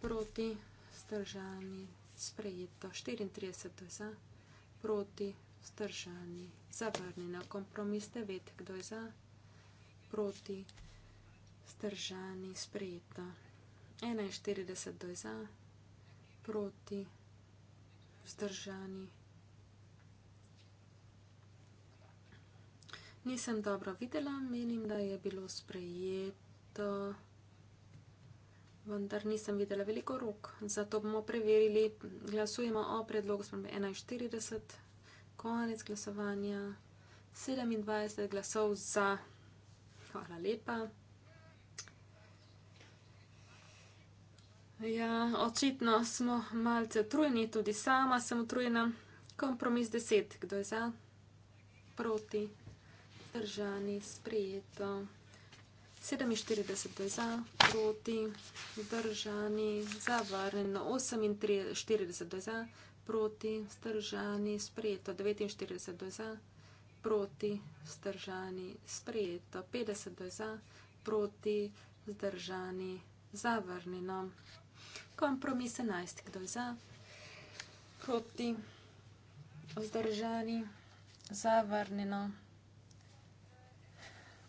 proti, zdržani, sprejeto, vzdržani, zavrni na kompromis, da vedete, kdo je za, proti, vzdržani, sprejeto. 41 do je za, proti, vzdržani. Nisem dobro videla, menim, da je bilo sprejeto, vendar nisem videla veliko rok. Zato bomo preverili, glasujemo o predlogu, smo bili 41 do je za, konec glasovanja. 27 glasov za. Hvala lepa. Ja, očitno smo malce utrujeni, tudi sama sem utrujena. Kompromis 10, kdo je za, proti, vzdržani, sprijeto. 47 je za, proti, vzdržani, zavarjeno, 48 je za, proti, vzdržani, sprejeto 49 do za, proti, vzdržani, sprejeto 50 do za, proti, vzdržani, zavrnjeno. Kompromis 11, kdo je za, proti, vzdržani, zavrnjeno.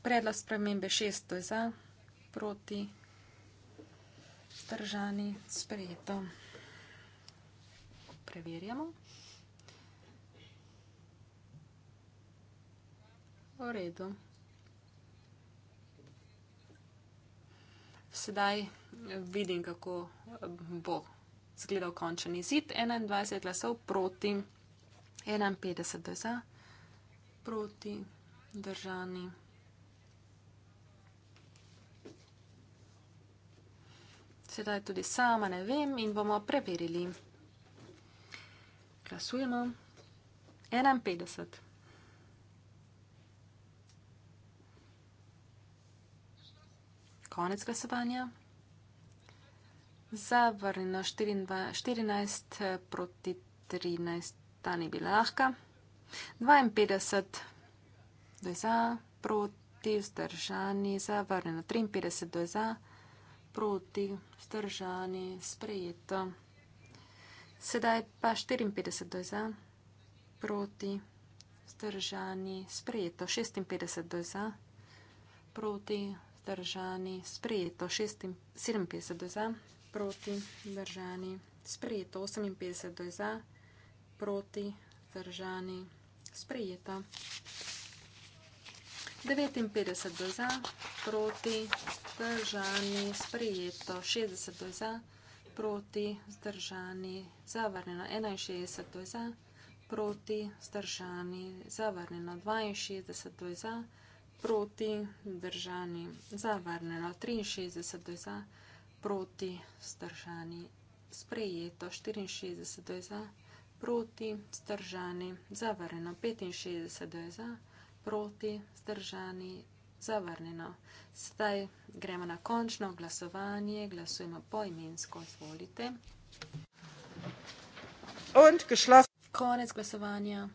Predlog spremembe 6 je za, proti, vzdržani, sprejeto preverjamo. V redu. Sedaj vidim, kako bo zgledal končni izid. 21 glasov proti, 51 za, proti držani. Sedaj tudi sama ne vem in bomo preverili. Glasujemo. 51. Konec glasovanja. Zavrnjeno 14 proti 13. Ta ni bila lahka. 52. Do je za, proti, vzdržani, zavrnjeno 53. Do je za, proti, vzdržani, sprejeto. Sedaj pa 54 do za, proti, vzdržani, sprejeto 56 do za, proti, vzdržani, sprejeto 57 do za, proti, vzdržani, sprejeto 58 do za, proti, vzdržani, sprejeto 59 do za, proti, vzdržani, sprejeto 60 do za proti, zdržani, zavrnjeno 61, to je za, proti, zdržani, zavrnjeno 62, to je za, proti, zdržani, zavrnjeno 63, to je za, proti, zdržani, sprejeto 64, to je za, proti, zdržani, zavrnjeno 65, to je za, proti, zdržani, zavrnjeno. Zdaj gremo na končno glasovanje. Glasujemo poimensko. Izvolite. Konec glasovanja.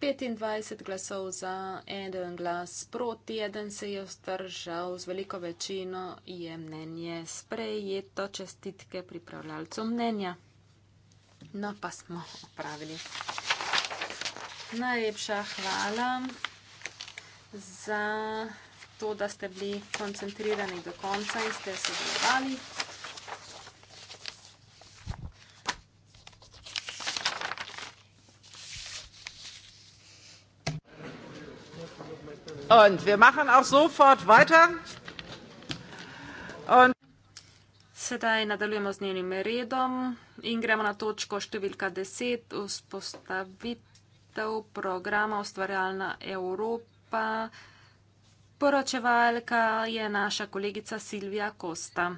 25 glasov za, en glas proti, eden se je vzdržal, z veliko večino je mnenje sprejeto, čestitke pripravljalcu mnenja. No pa smo opravili najlepša hvala za to, da ste bili koncentrirani do konca in ste sodelovali. Und wir machen auch sofort weiter. Und Sedaj nadaljujemo z njenim redom in gremo na točko številka 10, vzpostaviti voditev programa Ustvarjalna Evropa. Poročevalka je naša kolegica Silvija Kosta.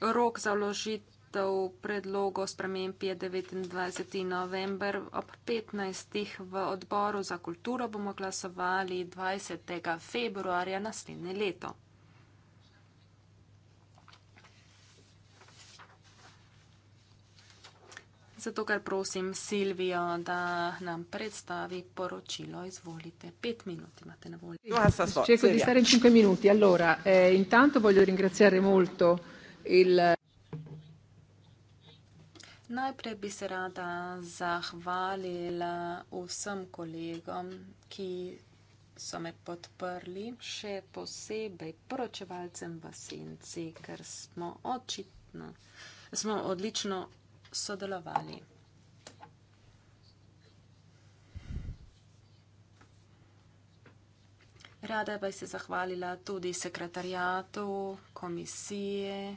Rok za vložitev predlogov sprememb je 29. november ob 15. v odboru za kulturo bomo glasovali 20. februarja naslednje leto. zato ker prosim Silvijo, da nam predstavi poročilo. Izvolite, pet minut imate na voljo. Cerco no, di stare in cinque minuti. Allora, eh, intanto voglio ringraziare molto il. Najprej bi se rada zahvalila vsem kolegom, ki so me podprli, še posebej poročevalcem v Senci, ker smo očitno, smo odlično sodelovali. Rada bi se zahvalila tudi sekretarijatu, komisiji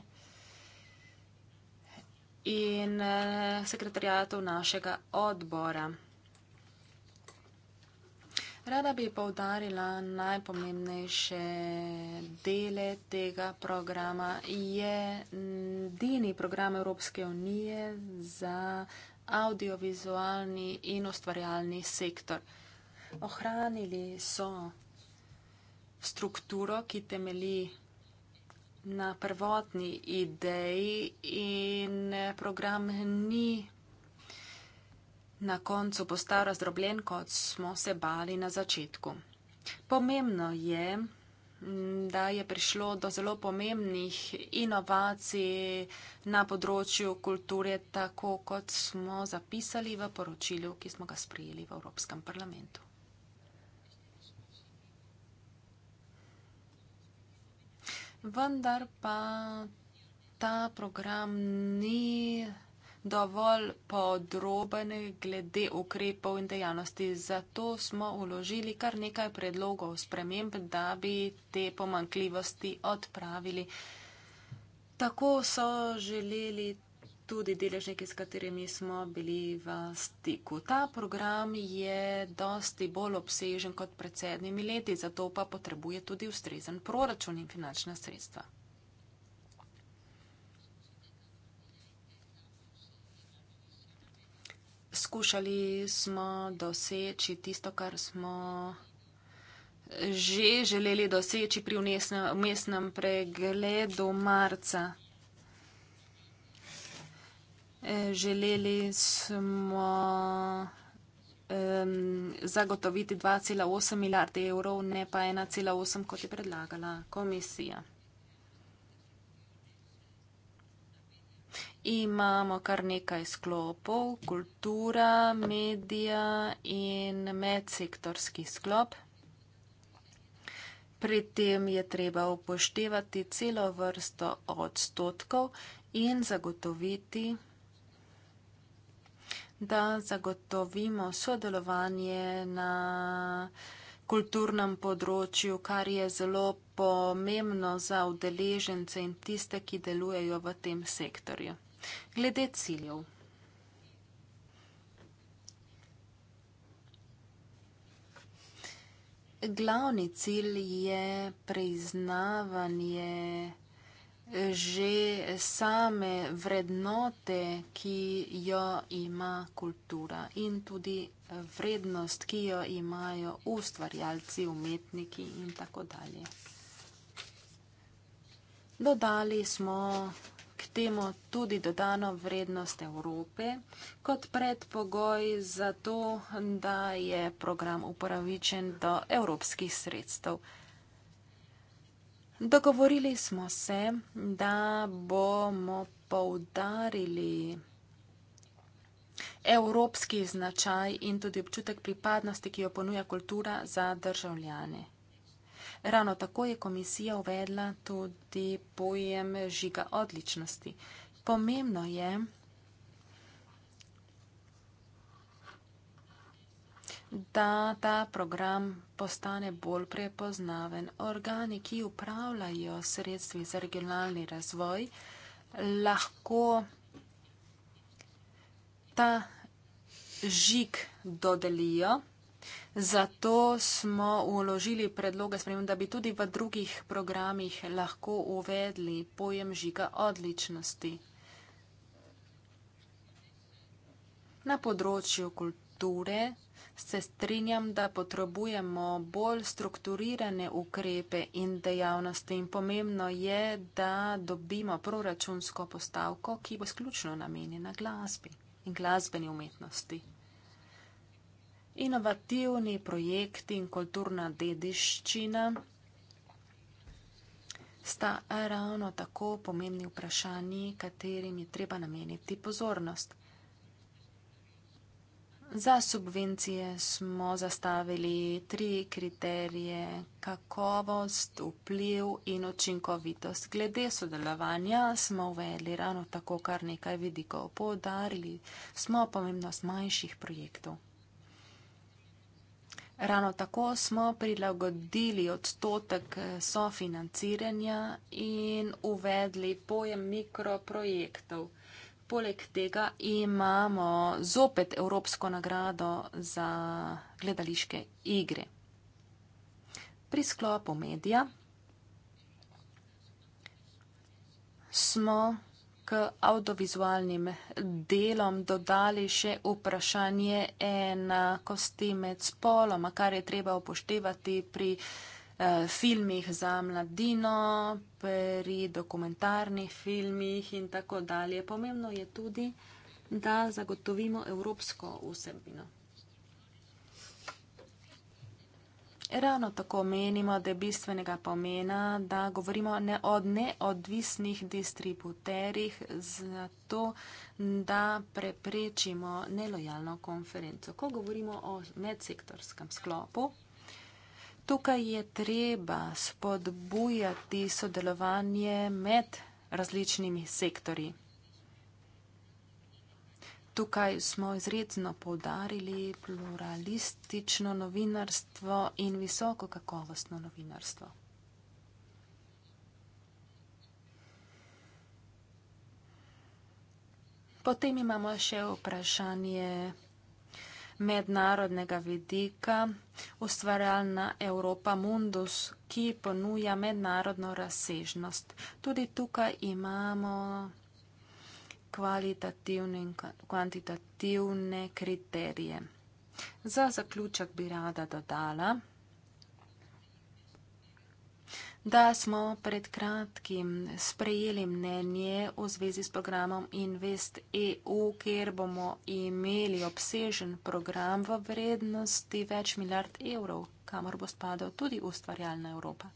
in eh, sekretarijatu našega odbora. Rada bi poudarila najpomembnejše dele tega programa. Je dini program Evropske unije za audiovizualni in ustvarjalni sektor. Ohranili so strukturo, ki temeli na prvotni ideji in program ni na koncu postal razdrobljen, kot smo se bali na začetku. Pomembno je, da je prišlo do zelo pomembnih inovacij na področju kulture, tako kot smo zapisali v poročilju, ki smo ga sprejeli v Evropskem parlamentu. Vendar pa ta program ni dovolj podroben glede ukrepov in dejavnosti. Zato smo uložili kar nekaj predlogov sprememb, da bi te pomankljivosti odpravili. Tako so želeli tudi deležniki, s katerimi smo bili v stiku. Ta program je dosti bolj obsežen kot pred sedmimi leti, zato pa potrebuje tudi ustrezen proračun in finančna sredstva. skušali smo doseči tisto, kar smo že želeli doseči pri umestnem pregledu marca. E, želeli smo um, zagotoviti 2,8 milijarde evrov, ne pa 1,8, kot je predlagala komisija. imamo kar nekaj sklopov, kultura, medija in medsektorski sklop. Pri tem je treba upoštevati celo vrsto odstotkov in zagotoviti, da zagotovimo sodelovanje na kulturnem področju, kar je zelo pomembno za udeležence in tiste, ki delujejo v tem sektorju. Glede ciljev. Glavni cilj je priznavanje že same vrednote, ki jo ima kultura in tudi vrednost, ki jo imajo ustvarjalci, umetniki in tako dalje. Dodali smo k temu tudi dodano vrednost Evrope kot predpogoj za to, da je program upravičen do evropskih sredstev. Dogovorili smo se, da bomo poudarili evropski značaj in tudi občutek pripadnosti, ki jo ponuja kultura za državljane. Ravno tako je komisija uvedla tudi pojem žiga odličnosti. Pomembno je, da ta program postane bolj prepoznaven. Organi, ki upravljajo sredstvi za regionalni razvoj, lahko ta žig dodelijo. Zato smo uložili predloge sprememb, da bi tudi v drugih programih lahko uvedli pojem žiga odličnosti na področju kulture. Se strinjam, da potrebujemo bolj strukturirane ukrepe in dejavnosti in pomembno je, da dobimo proračunsko postavko, ki bo sključno namenjena glasbi in glasbeni umetnosti inovativni projekti in kulturna dediščina sta ravno tako pomembni vprašanji, katerim je treba nameniti pozornost. Za subvencije smo zastavili tri kriterije – kakovost, vpliv in učinkovitost. Glede sodelovanja smo uvedli ravno tako kar nekaj vidikov. Podarili smo pomembnost manjših projektov. Ravno tako smo prilagodili odstotek eh, sofinanciranja in uvedli pojem mikroprojektov. Poleg tega imamo zopet Evropsko nagrado za gledališke igre. Pri sklopu medija smo k audiovizualnim delom dodali še vprašanje enakosti med spoloma, kar je treba upoštevati pri eh, filmih za mladino, pri dokumentarnih filmih in tako dalje. Pomembno je tudi, da zagotovimo evropsko vsebino. Ravno tako menimo, da je bistvenega pomena, da govorimo ne o neodvisnih distributerjih, zato da preprečimo nelojalno konferenco. Ko govorimo o medsektorskem sklopu, tukaj je treba spodbujati sodelovanje med različnimi sektorji. Tukaj smo izredno povdarili pluralistično novinarstvo in visoko kakovostno novinarstvo. Potem imamo še vprašanje mednarodnega vidika, ustvarjalna Evropa Mundus, ki ponuja mednarodno razsežnost. Tudi tukaj imamo kvalitativne in kvantitativne kriterije. Za zaključek bi rada dodala, da smo pred kratkim sprejeli mnenje v zvezi s programom Invest EU, kjer bomo imeli obsežen program v vrednosti več milijard evrov, kamor bo spadal tudi ustvarjalna Evropa.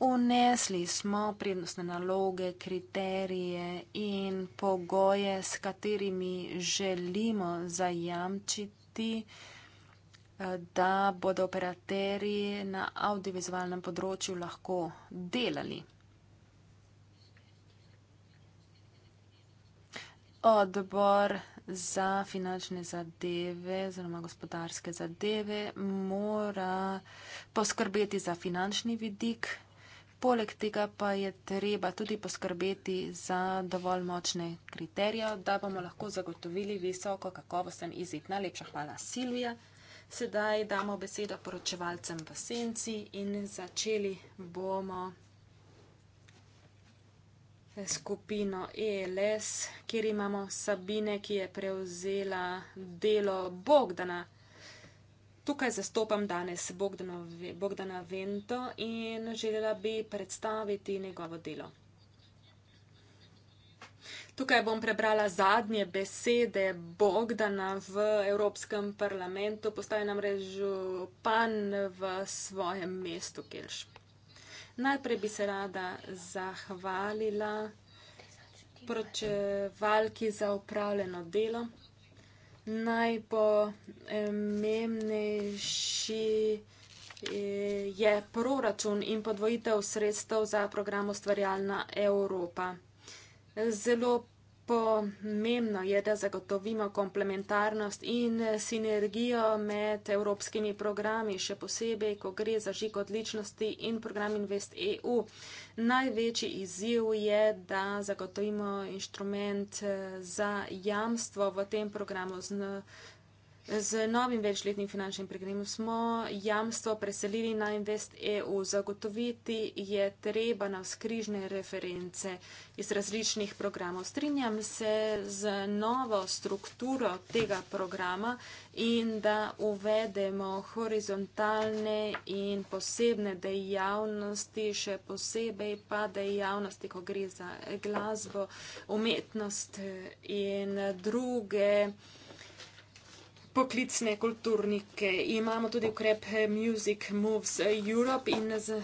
Unesli smo prednostne naloge, kriterije in pogoje, s katerimi želimo zajamčiti, eh, da bodo operaterji na audiovizualnem področju lahko delali. Odbor za finančne zadeve, oziroma gospodarske zadeve, mora poskrbeti za finančni vidik Poleg tega pa je treba tudi poskrbeti za dovolj močne kriterije, da bomo lahko zagotovili visoko kakovosten izid. Najlepša hvala, Silvija. Sedaj damo besedo poročevalcem v senci in začeli bomo skupino ELS, kjer imamo Sabine, ki je prevzela delo Bogdana tukaj zastopam danes Bogdano, Bogdana Vento in želela bi predstaviti njegovo delo. Tukaj bom prebrala zadnje besede Bogdana v Evropskem parlamentu, postaje nam rež pan v svojem mestu Kelš. Najprej bi se rada zahvalila poročevalki za upravljeno delo najpomembnejši eh, je proračun in podvojitev sredstev za program Ustvarjalna Evropa. Zelo pomembno je, da zagotovimo komplementarnost in sinergijo med evropskimi programi, še posebej, ko gre za žig odličnosti in program Invest EU. Največji izziv je, da zagotovimo inštrument eh, za jamstvo v tem programu. Z, Z novim večletnim finančnim pregledom smo jamstvo preselili na InvestEU. Zagotoviti je treba na skrižne reference iz različnih programov. Strinjam se z novo strukturo tega programa in da uvedemo horizontalne in posebne dejavnosti, še posebej pa dejavnosti, ko gre za glasbo, umetnost in druge poklicne kulturnike. Imamo tudi ukrep eh, Music Moves Europe in z,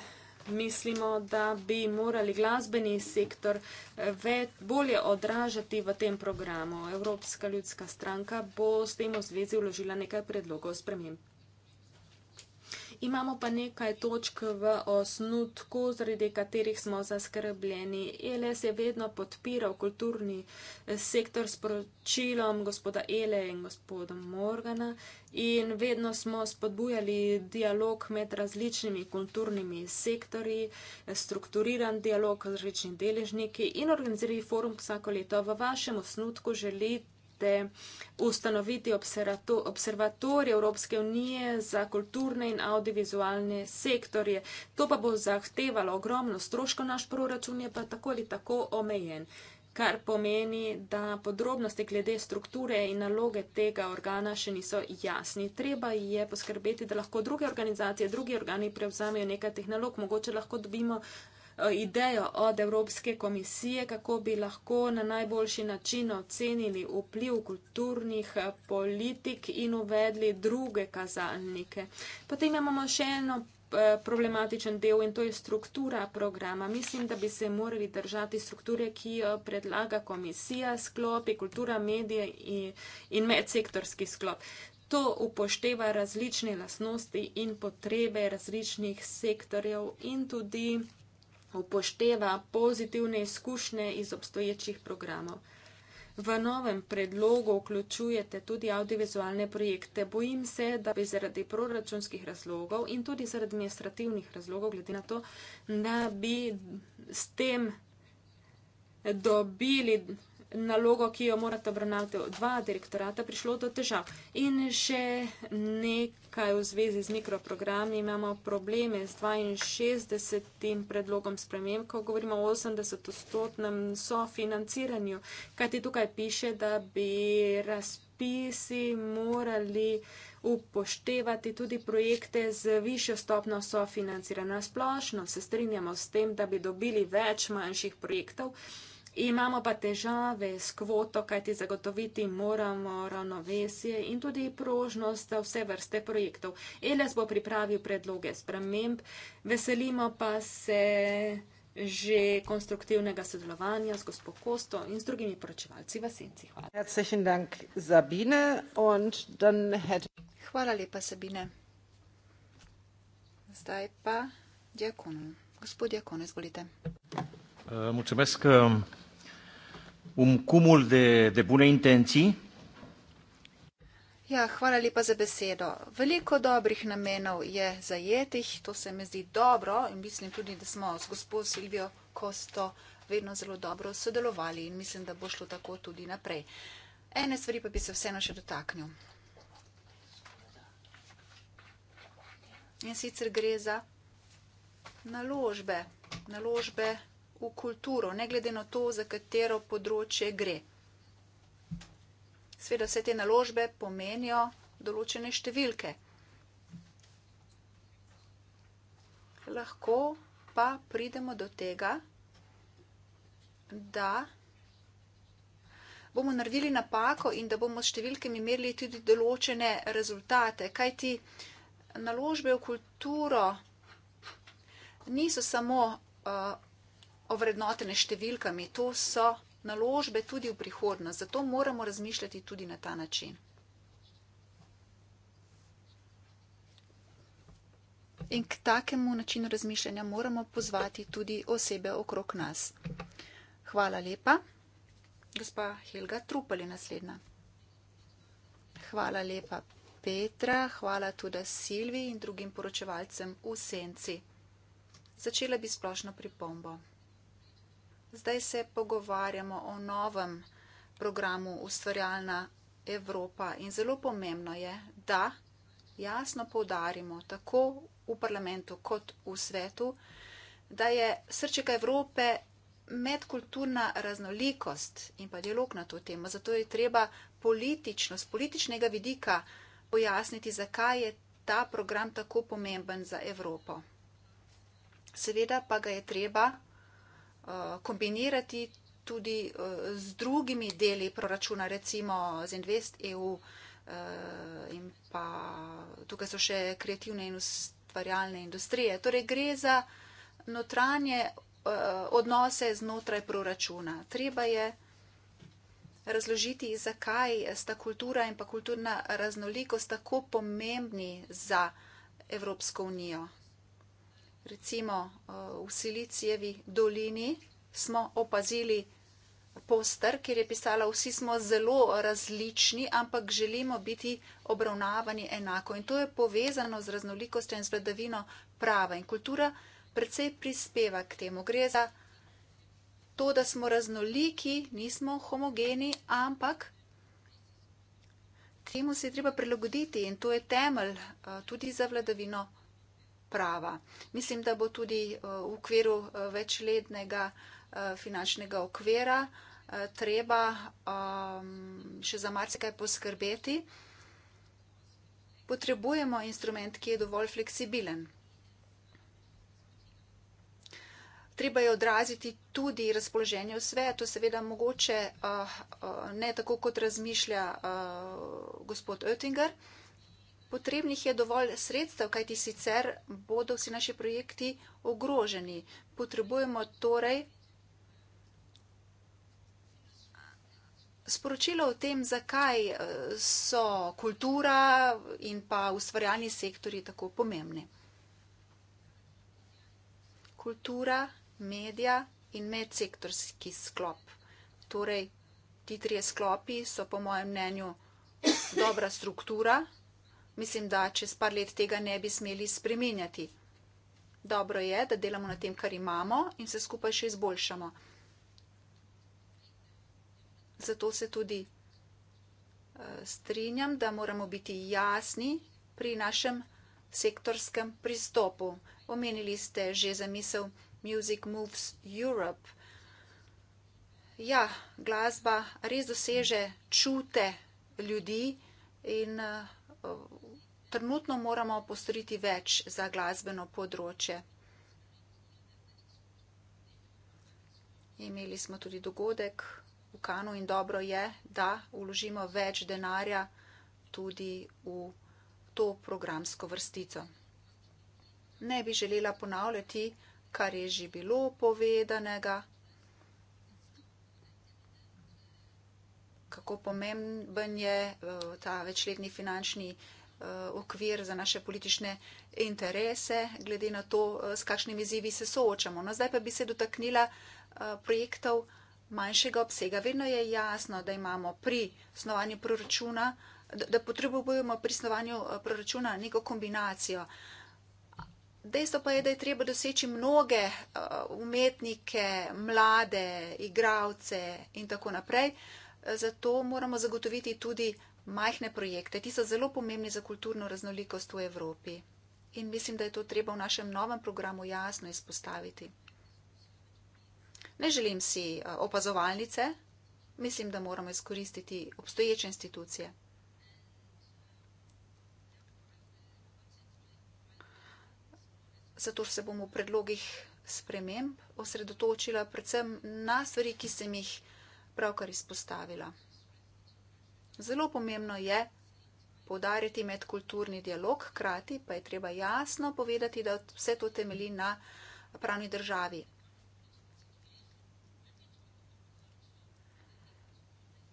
mislimo, da bi morali glasbeni sektor eh, ve, bolje odražati v tem programu. Evropska ljudska stranka bo s tem v zvezi vložila nekaj predlogov spremem. Imamo pa nekaj točk v osnutku, zaradi katerih smo zaskrbljeni. ELS je vedno podpiral kulturni eh, sektor s poročilom gospoda Ele e in gospoda Morgana in vedno smo spodbujali dialog med različnimi kulturnimi sektori, eh, strukturiran dialog z različnimi deležniki in organizirali forum vsako leto. V vašem osnutku želite te ustanoviti observatorij Evropske unije za kulturne in audiovizualne sektorje. To pa bo zahtevalo ogromno stroško, naš proračun je pa tako ali tako omejen kar pomeni, da podrobnosti glede strukture in naloge tega organa še niso jasni. Treba je poskrbeti, da lahko druge organizacije, drugi organi prevzamejo nekaj teh nalog, mogoče lahko dobimo Eh, idejo od Evropske komisije, kako bi lahko na najboljši način ocenili vpliv kulturnih eh, politik in uvedli druge kazalnike. Potem imamo še eno eh, problematičen del in to je struktura programa. Mislim, da bi se morali držati strukture, ki jo predlaga komisija, sklopi, kultura, medije in medsektorski sklop. To upošteva različne lasnosti in potrebe različnih sektorjev in tudi upošteva pozitivne izkušnje iz obstoječih programov. V novem predlogu vključujete tudi audiovizualne projekte. Bojim se, da bi zaradi proračunskih razlogov in tudi zaradi administrativnih razlogov, glede na to, da bi s tem dobili nalogo, ki jo morate obravnavati od dva direktorata, prišlo do težav. In še nekaj v zvezi z mikroprogrami. Imamo probleme z 62. predlogom sprememb, ko govorimo o 80-stotnem sofinanciranju, kajti tukaj piše, da bi razpisi morali upoštevati tudi projekte z višjo stopno sofinanciranja. Splošno se strinjamo s tem, da bi dobili več manjših projektov. Imamo pa težave s kvoto, kajti zagotoviti moramo ravnovesje in tudi prožnost za vse vrste projektov. Eles bo pripravil predloge sprememb, veselimo pa se že konstruktivnega sodelovanja z gospod Kosto in z drugimi poročevalci v Senci. Hvala. Hvala lepa, Sabine. Zdaj pa Diakonu. Gospod Diakon, izvolite. Uh, eh, Mučemesk, un cumul de, de bune intenții? Ja, hvala lepa za besedo. Veliko dobrih namenov je zajetih, to se mi zdi dobro in mislim tudi, da smo z gospod Silvijo Kosto vedno zelo dobro sodelovali in mislim, da bo šlo tako tudi naprej. Ene stvari pa bi se vseeno še dotaknil. In sicer gre za naložbe, naložbe v kulturo, ne glede na to, za katero področje gre. Sveda vse te naložbe pomenijo določene številke. Lahko pa pridemo do tega, da bomo naredili napako in da bomo s številkami merili tudi določene rezultate, kajti naložbe v kulturo niso samo uh, ovrednotene številkami, to so naložbe tudi v prihodnost, zato moramo razmišljati tudi na ta način. In k takemu načinu razmišljanja moramo pozvati tudi osebe okrog nas. Hvala lepa. Gospa Helga Trupel je naslednja. Hvala lepa Petra, hvala tudi Silvi in drugim poročevalcem v Senci. Začela bi splošno pripombo. Zdaj se pogovarjamo o novem programu Ustvarjalna Evropa in zelo pomembno je, da jasno povdarimo tako v parlamentu kot v svetu, da je srčika Evrope medkulturna raznolikost in pa dialog na to temo. Zato je treba politično, z političnega vidika pojasniti, zakaj je ta program tako pomemben za Evropo. Seveda pa ga je treba kombinirati tudi eh, z drugimi deli proračuna, recimo z Invest EU eh, in pa tukaj so še kreativne in ustvarjalne industrije. Torej gre za notranje eh, odnose znotraj proračuna. Treba je razložiti, zakaj sta kultura in pa kulturna raznolikost tako pomembni za Evropsko unijo recimo eh, v Silicijevi dolini smo opazili poster, kjer je pisala, vsi smo zelo različni, ampak želimo biti obravnavani enako. In to je povezano z raznolikostjo in z vladavino prava. In kultura predvsej prispeva k temu. Gre za to, da smo raznoliki, nismo homogeni, ampak temu se je treba prilagoditi in to je temelj eh, tudi za vladavino prava prava. Mislim, da bo tudi eh, v okviru eh, večletnega eh, finančnega okvira treba ehm, še za marsikaj poskrbeti. Potrebujemo instrument, ki je dovolj fleksibilen. Treba je odraziti tudi razpoloženje v svetu, seveda mogoče uh, uh, ne tako, kot razmišlja uh, gospod Oettinger. Uh, Potrebnih je dovolj sredstev, kajti sicer bodo vsi naši projekti ogroženi. Potrebujemo torej sporočilo o tem, zakaj eh, so kultura in pa ustvarjalni sektori tako pomembni. Kultura, medija in medsektorski sklop. Torej, ti trije sklopi so po mojem mnenju dobra struktura. Mislim, da čez par let tega ne bi smeli spremenjati. Dobro je, da delamo na tem, kar imamo in se skupaj še izboljšamo. Zato se tudi eh, strinjam, da moramo biti jasni pri našem sektorskem pristopu. Omenili ste že zamisel Music Moves Europe. Ja, glasba res doseže čute ljudi in eh, trenutno moramo postoriti več za glasbeno področje. Imeli smo tudi dogodek v Kanu in dobro je, da uložimo več denarja tudi v to programsko vrstico. Ne bi želela ponavljati, kar je že bilo povedanega, kako pomemben je eh, ta večletni finančni Eh, okvir za naše politične interese, glede na to, eh, s kakšnimi izzivi se soočamo. No, zdaj pa bi se dotaknila eh, projektov manjšega obsega. Vedno je jasno, da imamo pri snovanju proračuna, da potrebujemo pri snovanju proračuna neko kombinacijo. Dejstvo pa je, da je treba doseči mnoge umetnike, mlade, igravce in tako naprej. Zato moramo zagotoviti tudi majhne projekte, ti so zelo pomembni za kulturno raznolikost v Evropi. In mislim, da je to treba v našem novem programu jasno izpostaviti. Ne želim si eh, opazovalnice, mislim, da moramo izkoristiti obstoječe institucije. Zato se bom v predlogih sprememb osredotočila predvsem na stvari, ki sem jih pravkar izpostavila. Zelo pomembno je povdariti medkulturni dialog, hkrati pa je treba jasno povedati, da vse to temeli na pravni državi.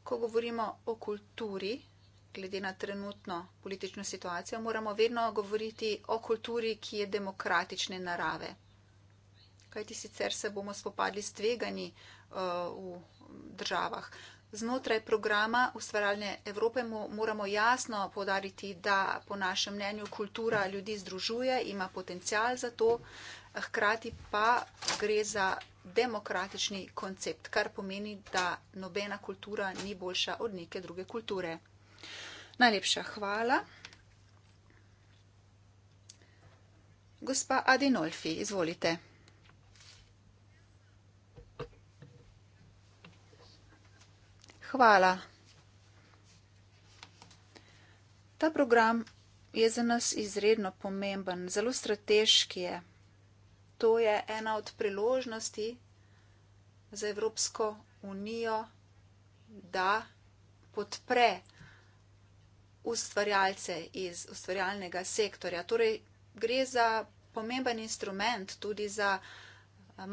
Ko govorimo o kulturi, glede na trenutno politično situacijo, moramo vedno govoriti o kulturi, ki je demokratične narave. Kajti sicer se bomo spopadli s tveganji uh, v državah. Uh, znotraj programa ustvarjalne Evrope moramo jasno podariti, da po našem mnenju kultura ljudi združuje, ima potencial za to, hkrati pa gre za demokratični koncept, kar pomeni, da nobena kultura ni boljša od neke druge kulture. Najlepša hvala. Gospa Adinolfi, izvolite. Hvala. Ta program je za nas izredno pomemben, zelo strateški je. To je ena od priložnosti za Evropsko unijo, da podpre ustvarjalce iz ustvarjalnega sektorja. Torej, gre za pomemben instrument tudi za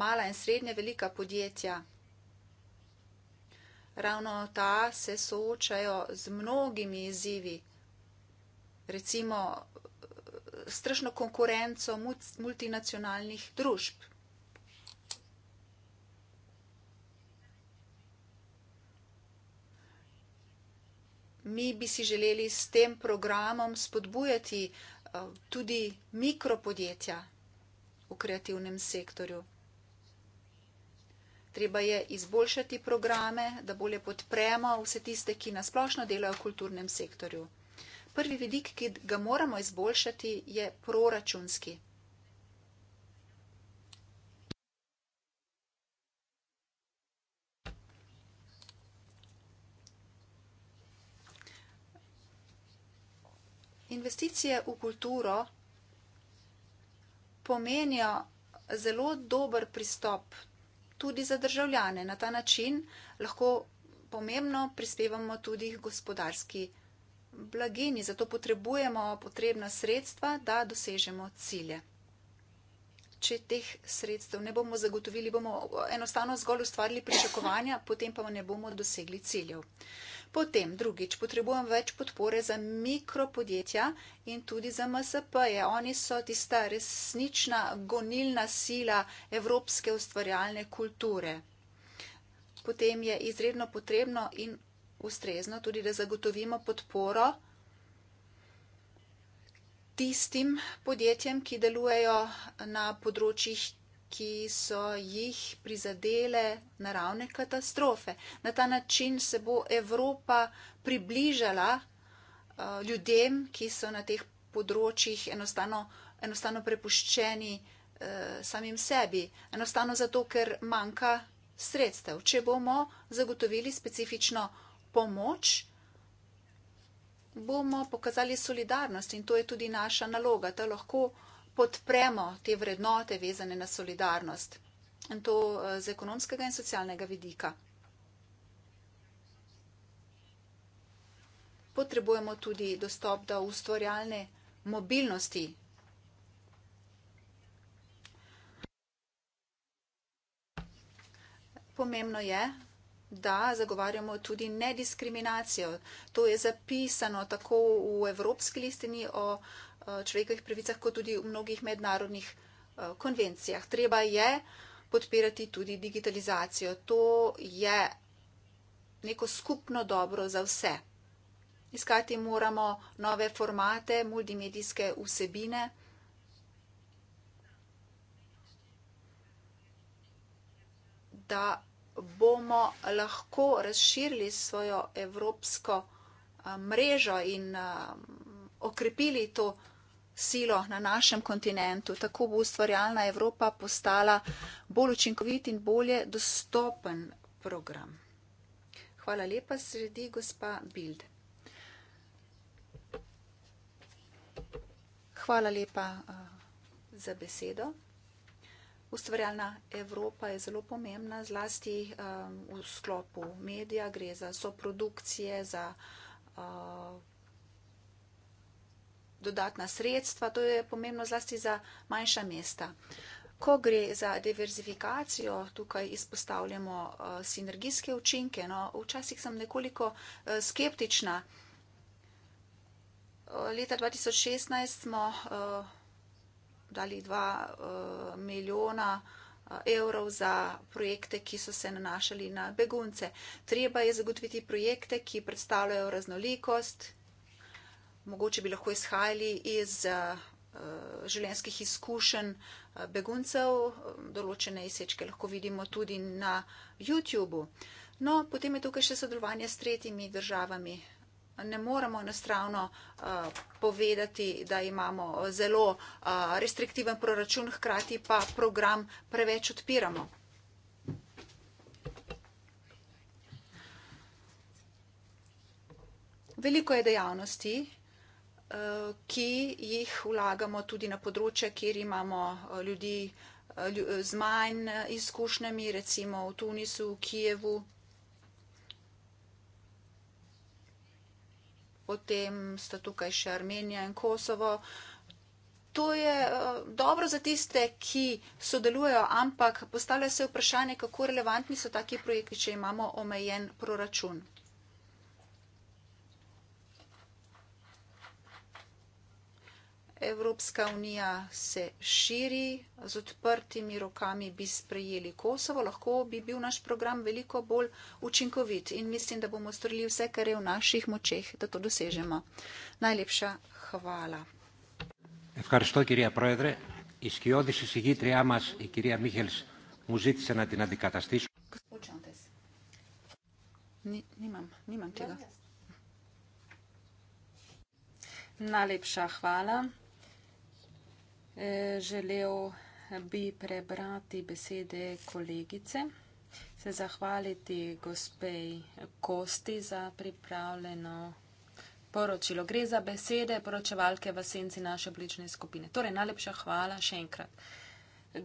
mala in srednje velika podjetja ravno ta se soočajo z mnogimi izzivi, recimo strašno konkurenco multinacionalnih družb. Mi bi si želeli s tem programom spodbujati eh, tudi mikropodjetja v kreativnem sektorju treba je izboljšati programe, da bolje podpremo vse tiste, ki na splošno delajo v kulturnem sektorju. Prvi vidik, ki ga moramo izboljšati, je proračunski. Investicije v kulturo pomenijo zelo dober pristop tudi za državljane. Na ta način lahko pomembno prispevamo tudi k gospodarski blagini, zato potrebujemo potrebna sredstva, da dosežemo cilje. Če teh sredstev ne bomo zagotovili, bomo enostavno zgolj ustvarili pričakovanja, potem pa ne bomo dosegli ciljev. Potem drugič, potrebujem več podpore za mikropodjetja in tudi za MSP-je. Oni so tista resnična gonilna sila evropske ustvarjalne kulture. Potem je izredno potrebno in ustrezno tudi, da zagotovimo podporo tistim podjetjem, ki delujejo na področjih, ki so jih prizadele naravne katastrofe. Na ta način se bo Evropa približala eh, ljudem, ki so na teh področjih enostavno, enostavno prepuščeni eh, samim sebi. Enostavno zato, ker manjka sredstev. Če bomo zagotovili specifično pomoč, bomo pokazali solidarnost in to je tudi naša naloga. To lahko podpremo te vrednote vezane na solidarnost in to eh, z ekonomskega in socialnega vidika. Potrebujemo tudi dostop do ustvarjalne mobilnosti. Pomembno je, da zagovarjamo tudi nediskriminacijo. To je zapisano tako v Evropski listini o uh, Eh, človekovih pravicah, kot tudi v mnogih mednarodnih eh, konvencijah. Treba je podpirati tudi digitalizacijo. To je neko skupno dobro za vse. Iskati moramo nove formate, multimedijske vsebine. da bomo lahko razširili svojo evropsko eh, mrežo in okrepili to mrežo silo na našem kontinentu. Tako bo ustvarjalna Evropa postala bolj učinkovit in bolje dostopen program. Hvala lepa, sredi gospa Bild. Hvala lepa uh, za besedo. Ustvarjalna Evropa je zelo pomembna, zlasti um, v sklopu medija, gre za soprodukcije, za uh, dodatna sredstva, to je pomembno zlasti za manjša mesta. Ko gre za diverzifikacijo, tukaj izpostavljamo uh, sinergijske učinke. No, včasih sem nekoliko uh, skeptična. Eh, leta 2016 smo uh, dali 2 uh, milijona evrov za projekte, ki so se nanašali na begunce. Treba je zagotoviti projekte, ki predstavljajo raznolikost, mogoče bi lahko izhajali iz eh, življenskih izkušenj eh, beguncev, določene izsečke lahko vidimo tudi na YouTubu. No, potem je tukaj še sodelovanje s tretjimi državami. Ne moramo enostavno uh, povedati, da imamo zelo uh, restriktiven proračun, hkrati pa program preveč odpiramo. Veliko je dejavnosti, Eh, ki jih vlagamo tudi na področje, kjer imamo eh, ljudi eh, z manj izkušnjami, recimo v Tunisu, v Kijevu. Potem sta tukaj še Armenija in Kosovo. To je dobro za tiste, ki sodelujejo, ampak postavlja se vprašanje, kako relevantni so taki projekti, če imamo omejen proračun. Evropska unija se širi, z odprtimi rokami bi sprejeli Kosovo, lahko bi bil naš program veliko bolj učinkovit in mislim, da bomo storili vse, kar je v naših močeh, da to dosežemo. Najlepša hvala. Hvala, kirja projedre. Iskiodis isigitria mas i kirja Michels mu zitise na din adikatastis. Učantes. Nimam, nimam tega. Najlepša hvala želel bi prebrati besede kolegice, se zahvaliti gospej Kosti za pripravljeno poročilo. Gre za besede poročevalke v senci naše oblične skupine. Torej, najlepša hvala še enkrat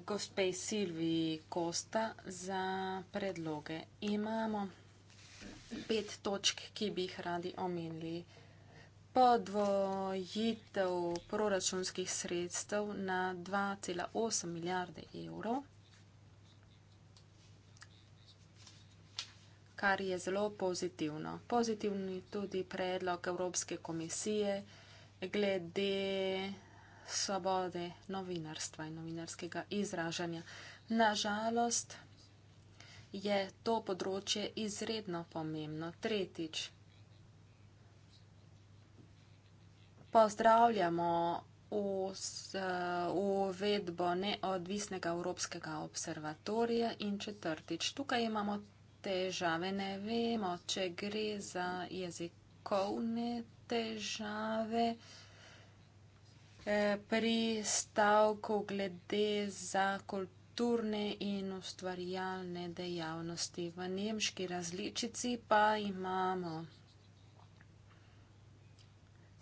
gospej Silvi Kosta za predloge. Imamo pet točk, ki bi jih radi omenili podvojitev proračunskih sredstev na 2,8 milijarde evrov, kar je zelo pozitivno. Pozitivni je tudi predlog Evropske komisije glede svobode novinarstva in novinarskega izražanja. Nažalost je to področje izredno pomembno. Tretjič. pozdravljamo eh, uvedbo neodvisnega Evropskega observatorija in četrtič. Tukaj imamo težave, ne vemo, če gre za jezikovne težave eh, pri stavku glede za kulturne in ustvarjalne dejavnosti. V nemški različici pa imamo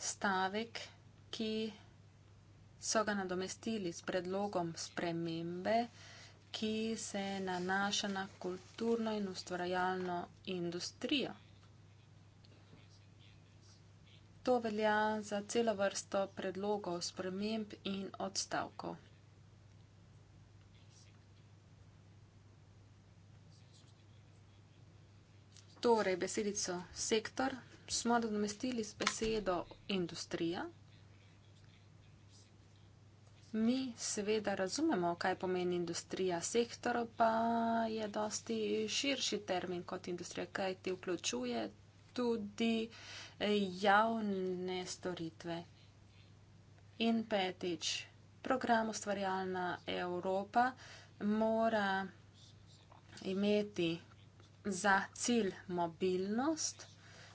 stavek, ki so ga nadomestili s predlogom spremembe, ki se nanaša na kulturno in ustvarjalno industrijo. To velja za celo vrsto predlogov sprememb in odstavkov. Torej, besedico sektor smo nadomestili z besedo industrija. Mi seveda razumemo, kaj pomeni industrija, sektor pa je dosti širši termin kot industrija, kaj ti vključuje tudi eh, javne storitve. In petič, program ustvarjalna Evropa mora imeti za cilj mobilnost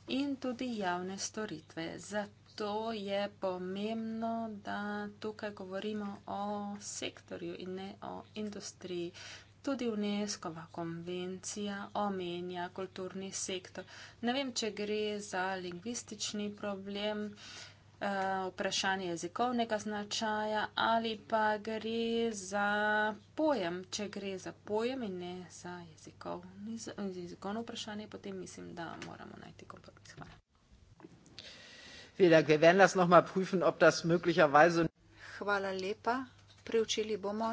in tudi javne storitve. Zato je pomembno, da tukaj govorimo o sektorju in ne o industriji. Tudi UNESCO-va konvencija omenja kulturni sektor. Ne vem, če gre za lingvistični problem. Uh, Eh, vprašanje jezikovnega značaja ali pa gre za pojem. Če gre za pojem in ne za jezikov, jezikovno vprašanje, potem mislim, da moramo najti kompromis. Hvala. Hvala lepa. Preučili bomo,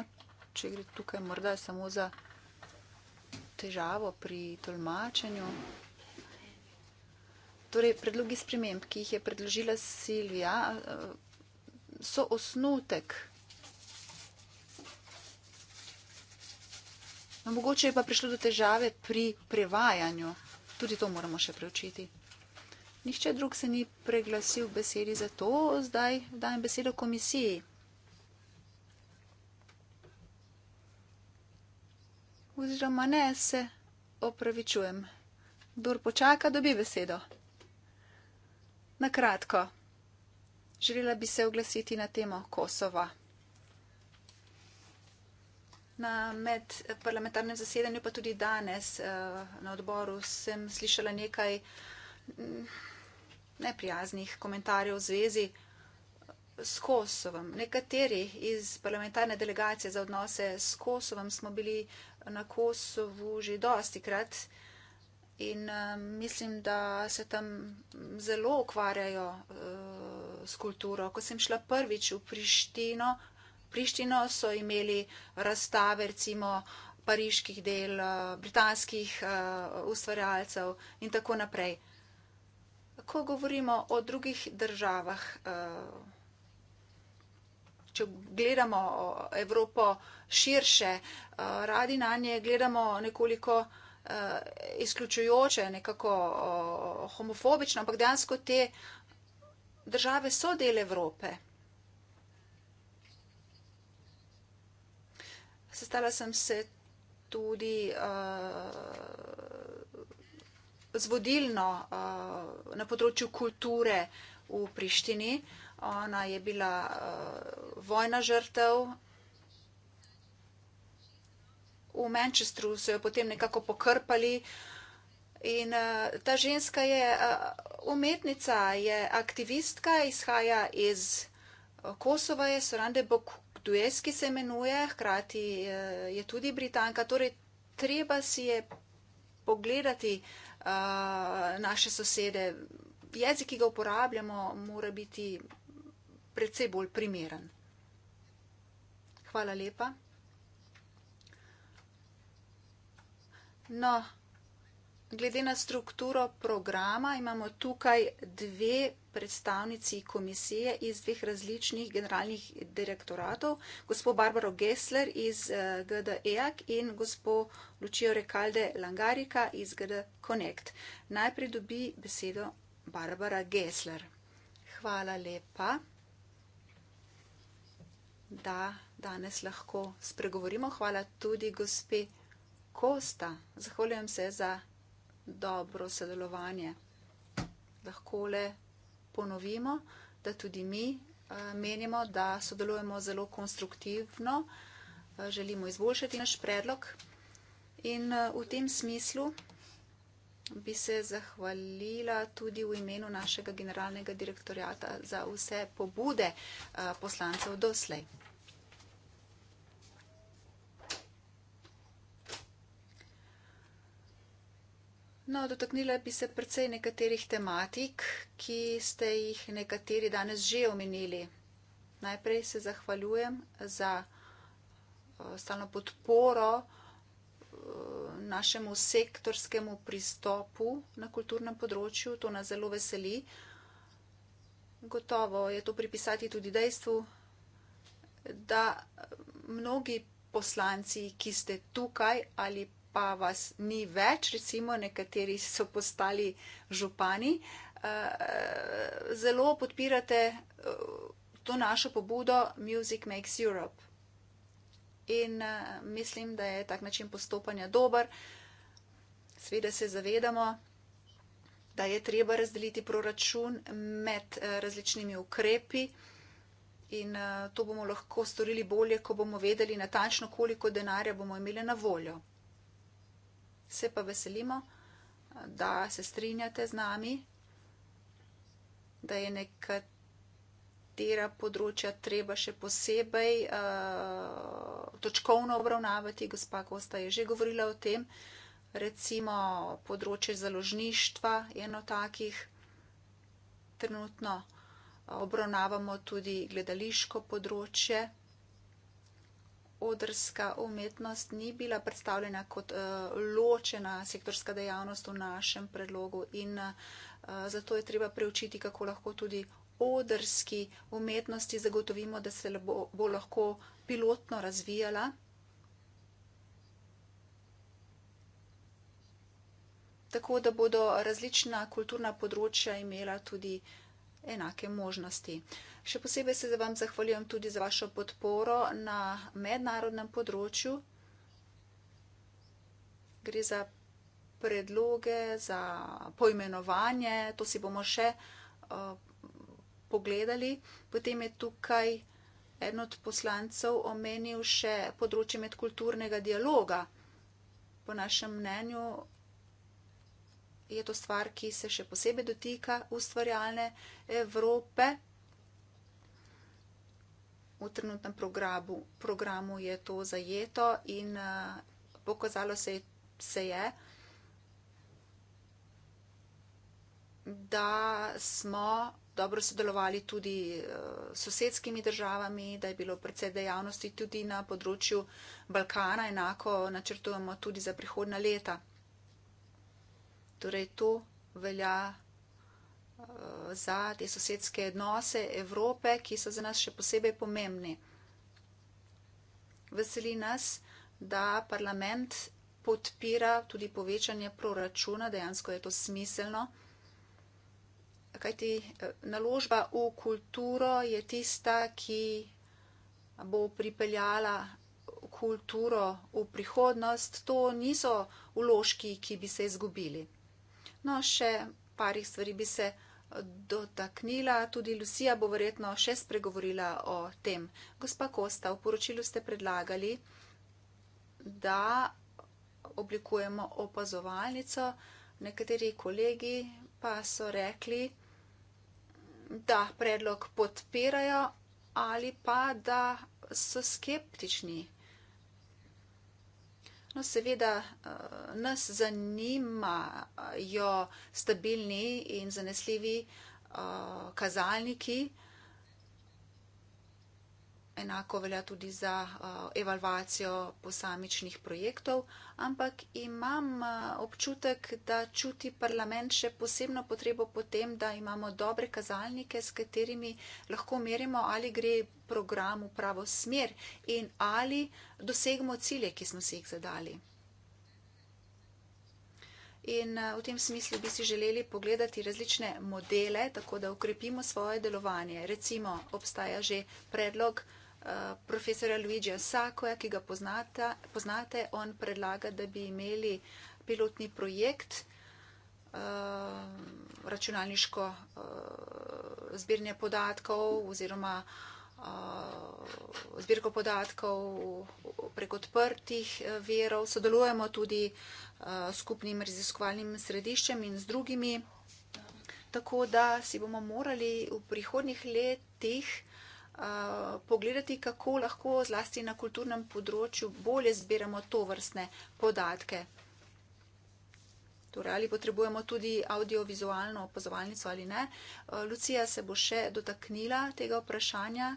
če gre tukaj morda samo za težavo pri tolmačenju. Torej, predlogi sprememb, ki jih je predložila Silvija, so osnutek. No, mogoče je pa prišlo do težave pri prevajanju. Tudi to moramo še preučiti. Nihče drug se ni preglasil besedi za to. Zdaj dajem besedo komisiji. Oziroma ne, se opravičujem. Dor počaka, dobi besedo. Na kratko, želela bi se oglasiti na temo Kosova. Na medparlamentarnem zasedanju, pa tudi danes eh, na odboru, sem slišala nekaj mm, neprijaznih komentarjev v zvezi s Kosovom. Nekateri iz parlamentarne delegacije za odnose s Kosovom smo bili na Kosovu že dosti krat. In uh, mislim, da se tam zelo ukvarjajo uh, s kulturo. Ko sem šla prvič v Prištino, Prištino so imeli razstave recimo pariških del, uh, britanskih uh, ustvarjalcev in tako naprej. Ko govorimo o drugih državah, uh, če gledamo Evropo širše, uh, radi na nje gledamo nekoliko uh, izključujoče, nekako uh, homofobično, ampak dejansko te države so del Evrope. Sestala sem se tudi uh, z vodilno uh, na področju kulture v Prištini. Ona je bila uh, vojna žrtev v Manchesteru so jo potem nekako pokrpali. In eh, ta ženska je eh, umetnica, je aktivistka, izhaja iz eh, Kosova, je Sorande Bokdujeski se imenuje, hkrati je tudi Britanka. Torej, treba si je pogledati naše sosede. Jezik, ki ga uporabljamo, mora biti predvsej bolj primeren. Hvala lepa. No, glede na strukturo programa imamo tukaj dve predstavnici komisije iz dveh različnih generalnih direktoratov, gospod Barbaro Gessler iz eh, GD EAC in gospod Lučijo Rekalde Langarika iz GD Connect. Najprej dobi besedo Barbara Gessler. Hvala lepa, da danes lahko spregovorimo. Hvala tudi gospe Lučijo. Kosta, zahvaljujem se za dobro sodelovanje. Lahko le ponovimo, da tudi mi eh, menimo, da sodelujemo zelo konstruktivno, eh, želimo izboljšati naš predlog in eh, v tem smislu bi se zahvalila tudi v imenu našega generalnega direktorjata za vse pobude poslancev doslej. No, dotaknila bi se predvsej nekaterih tematik, ki ste jih nekateri danes že omenili. Najprej se zahvaljujem za eh, stalno podporo eh, našemu sektorskemu pristopu na kulturnem področju. To nas zelo veseli. Gotovo je to pripisati tudi dejstvu, da mnogi poslanci, ki ste tukaj ali pa pa vas ni več, recimo nekateri so postali župani, eh, zelo podpirate eh, to našo pobudo Music Makes Europe. In eh, mislim, da je tak način postopanja dober. Sveda se zavedamo, da je treba razdeliti proračun med različnimi ukrepi. In to bomo lahko storili bolje, ko bomo vedeli natančno, koliko denarja bomo imeli na voljo. Se pa veselimo, da se strinjate z nami, da je nekatera področja treba še posebej uh, točkovno obravnavati. Gospa Kosta je že govorila o tem, recimo področje založništva, eno takih trenutno. Obravnavamo tudi gledališko področje odrska umetnost ni bila predstavljena kot uh, ločena sektorska dejavnost v našem predlogu in uh, zato je treba preučiti, kako lahko tudi odrski umetnosti zagotovimo, da se bo, bo lahko pilotno razvijala. Tako da bodo različna kulturna področja imela tudi uh, enake možnosti. Še posebej se vam zahvaljujem tudi za vašo podporo na mednarodnem področju. Gre za predloge, za poimenovanje, to si bomo še uh, pogledali. Potem je tukaj en od poslancev omenil še področje medkulturnega dialoga. Po našem mnenju je to stvar, ki se še posebej dotika ustvarjalne Evrope. V trenutnem programu, programu je to zajeto in eh, pokazalo se, se je, da smo dobro sodelovali tudi eh, s sosedskimi državami, da je bilo predvsej dejavnosti tudi na področju Balkana, enako načrtujemo tudi za prihodna leta. Torej, to velja eh, za te sosedske odnose Evrope, ki so za nas še posebej pomembni. Veseli nas, da parlament podpira tudi povečanje proračuna, dejansko je to smiselno, kajti eh, naložba v kulturo je tista, ki bo pripeljala kulturo v prihodnost. To niso vložki, ki bi se izgubili. No, še parih stvari bi se eh, dotaknila, tudi Lucija bo verjetno še spregovorila o tem. Gospa Kosta, v poročilu ste predlagali, da oblikujemo opazovalnico, nekateri kolegi pa so rekli, da predlog podpirajo ali pa da so skeptični. No, seveda eh, nas zanimajo stabilni in zanesljivi eh, kazalniki enako velja tudi za uh, evalvacijo posamičnih projektov, ampak imam uh, občutek, da čuti parlament še posebno potrebo potem, da imamo dobre kazalnike, s katerimi lahko merimo, ali gre program v pravo smer in ali dosegamo cilje, ki smo si jih zadali. In uh, v tem smislu bi si želeli pogledati različne modele, tako da ukrepimo svoje delovanje. Recimo obstaja že predlog, profesora Luigija Sakoja, ki ga poznate, poznate, on predlaga, da bi imeli pilotni projekt eh, računalniško eh, zbiranje podatkov oziroma eh, zbirko podatkov prek odprtih verov. Sodelujemo tudi s skupnim raziskovalnim središčem in z drugimi, tako da si bomo morali v prihodnjih letih pogledati, kako lahko zlasti na kulturnem področju bolje zbiramo to vrstne podatke. Torej, ali potrebujemo tudi audiovizualno opazovalnico ali ne. Lucija se bo še dotaknila tega vprašanja,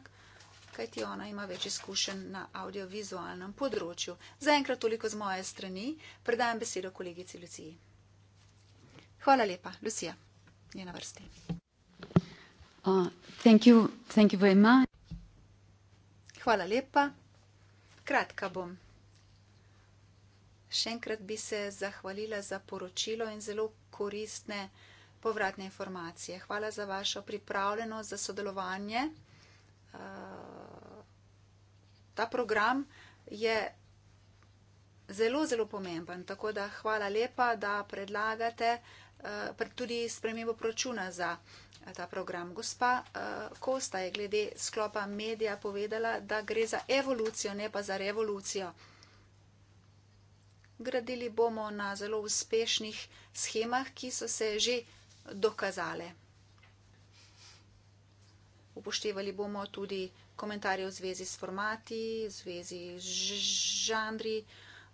kajti ona ima več izkušenj na audiovizualnem področju. Zaenkrat toliko z moje strani. Predajam besedo kolegici Luciji. Hvala lepa. Lucija je na vrsti. Uh, thank you. Thank you very much. Hvala lepa. Kratka bom. Še enkrat bi se zahvalila za poročilo in zelo koristne povratne informacije. Hvala za vašo pripravljenost, za sodelovanje. Eh, ta program je zelo, zelo pomemben, tako da hvala lepa, da predlagate. Eh, tudi spremembo proračuna za eh, ta program. Gospa eh, Kosta je glede sklopa medija povedala, da gre za evolucijo, ne pa za revolucijo. Gradili bomo na zelo uspešnih schemah, ki so se že dokazale. Upoštevali bomo tudi komentarje v zvezi s formati, v zvezi z žandri. Uh,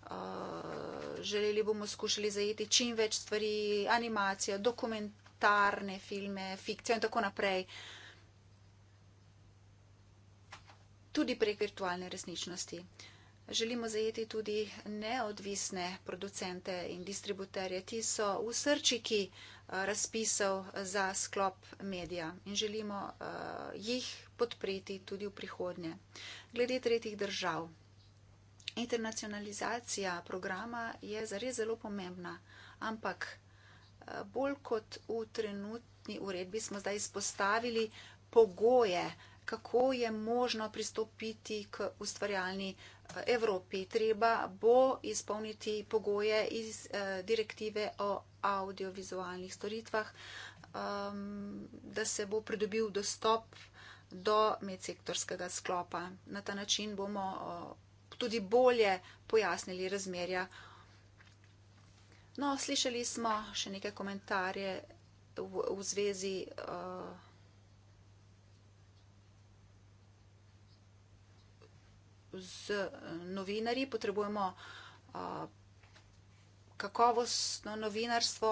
Eh, želeli bomo skušali zajeti čim več stvari, animacijo, dokumentarne filme, fikcijo in tako naprej. Tudi prek virtualne resničnosti. Želimo zajeti tudi neodvisne producente in distributerje, ki so v srčiki eh, razpisal za sklop medija in želimo eh, jih podpreti tudi v prihodnje. Glede tretjih držav internacionalizacija programa je zares zelo pomembna, ampak eh, bolj kot v trenutni uredbi smo zdaj izpostavili pogoje, kako je možno pristopiti k ustvarjalni eh, Evropi. Treba bo izpolniti pogoje iz eh, direktive o audiovizualnih storitvah, ehm, da se bo pridobil dostop do medsektorskega sklopa. Na ta način bomo tudi bolje pojasnili razmerja. No, slišali smo še nekaj komentarje v, v zvezi. Uh, Z novinarji potrebujemo uh, kakovostno novinarstvo,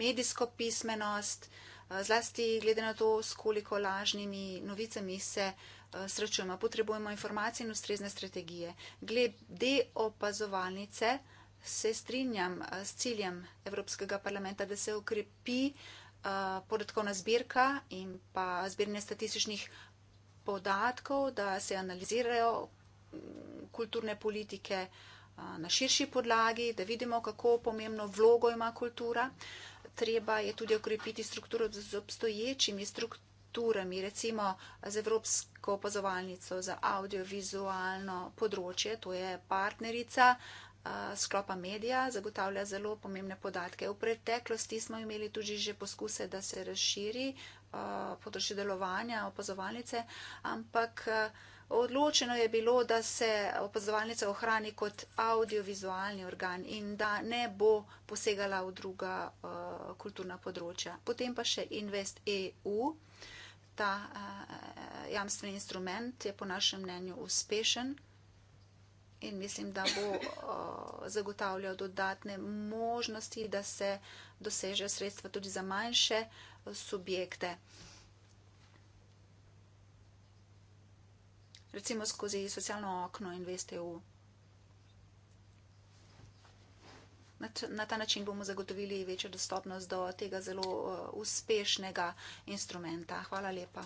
medijsko pismenost, uh, zlasti glede na to, s koliko lažnimi novicami se uh, Eh, srečujemo, potrebujemo informacije in ustrezne strategije. Glede opazovalnice se strinjam eh, s ciljem Evropskega parlamenta, da se okrepi eh, podatkovna zbirka in pa zbiranje statističnih podatkov, da se analizirajo mm, kulturne politike na širši podlagi, da vidimo, kako pomembno vlogo ima kultura. Treba je tudi okrepiti strukturo z obstoječimi strukturami strukturami, recimo z Evropsko opazovalnico za audiovizualno področje, to je partnerica eh, sklopa medija, zagotavlja zelo pomembne podatke. V preteklosti smo imeli tudi že poskuse, da se razširi eh, področje delovanja opazovalnice, ampak. Eh, Odločeno je bilo, da se opazovalnica ohrani kot audiovizualni organ in da ne bo posegala v druga uh, kulturna področja. Potem pa še Invest EU, ta uh, jamstveni instrument je po našem mnenju uspešen in mislim, da bo uh, zagotavljal dodatne možnosti, da se dosežejo sredstva tudi za manjše subjekte. Uh, recimo skozi socialno okno InvestEU. Na ta način bomo zagotovili večjo dostopnost do tega zelo eh, uspešnega instrumenta. Hvala lepa.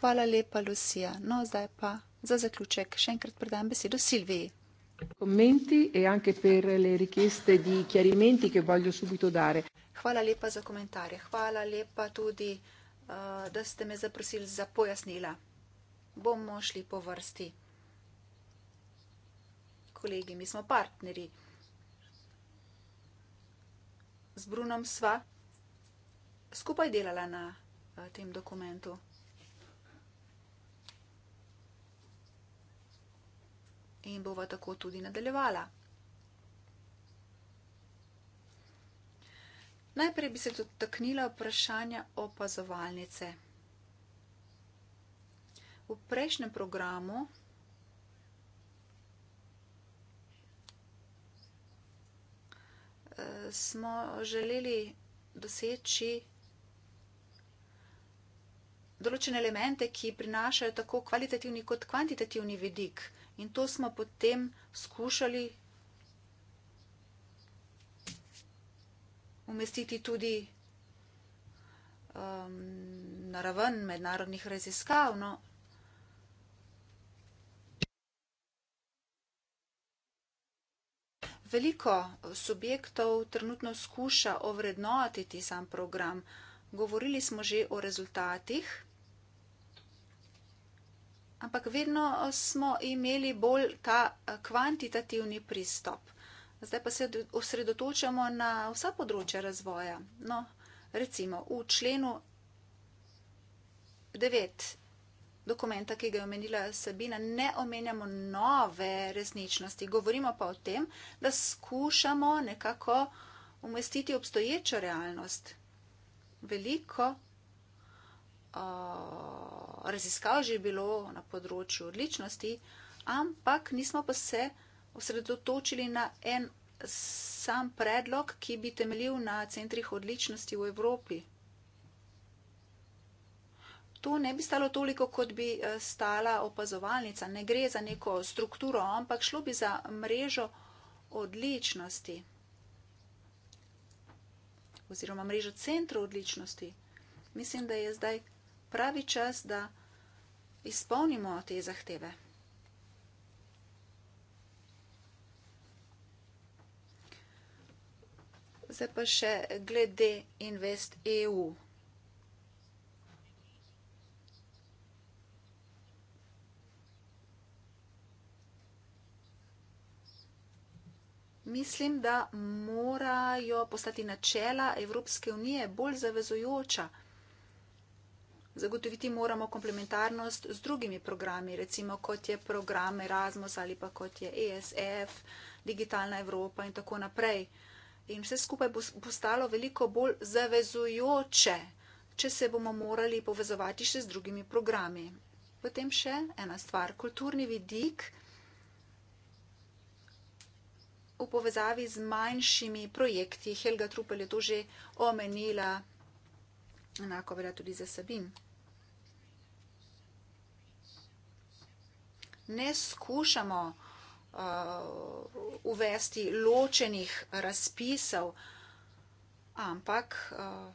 Hvala lepa, Lucija. No, zdaj pa za zaključek še enkrat predam besedo Silviji. E Hvala lepa za komentarje. Hvala lepa tudi. Eh, da ste me zaprosili za pojasnila. Bomo šli po vrsti. Kolegi, mi smo partneri. Z Brunom sva skupaj delala na eh, tem dokumentu. In bova tako tudi nadaljevala. Najprej bi se dotaknila vprašanja opazovalnice. V prejšnjem programu smo želeli doseči določene elemente, ki prinašajo tako kvalitativni kot kvantitativni vidik. In to smo potem skušali umestiti tudi um, na raven mednarodnih raziskav. No. Veliko subjektov trenutno skuša ovrednotiti sam program. Govorili smo že o rezultatih, ampak vedno smo imeli bolj ta kvantitativni pristop. Zdaj pa se osredotočamo na vsa področja razvoja. No, recimo v členu 9 dokumenta, ki ga je omenila Sabina, ne omenjamo nove resničnosti. Govorimo pa o tem, da skušamo nekako umestiti obstoječo realnost. Veliko o, raziskav že je bilo na področju odličnosti, ampak nismo pa se osredotočili na en sam predlog, ki bi temeljil na centrih odličnosti v Evropi. To ne bi stalo toliko, kot bi eh, stala opazovalnica. Ne gre za neko strukturo, ampak šlo bi za mrežo odličnosti oziroma mrežo centrov odličnosti. Mislim, da je zdaj pravi čas, da izpolnimo te zahteve. Zdaj pa še glede Invest EU. Mislim, da morajo postati načela Evropske unije bolj zavezujoča. Zagotoviti moramo komplementarnost z drugimi programi, recimo kot je program Erasmus ali pa kot je ESF, Digitalna Evropa in tako naprej in vse skupaj bo postalo veliko bolj zavezujoče, če se bomo morali povezovati še z drugimi programi. Potem še ena stvar, kulturni vidik v povezavi z manjšimi projekti. Helga Trupel je to že omenila, enako velja tudi za Sabin. Ne skušamo, da uh, uvesti ločenih razpisov, ampak uh,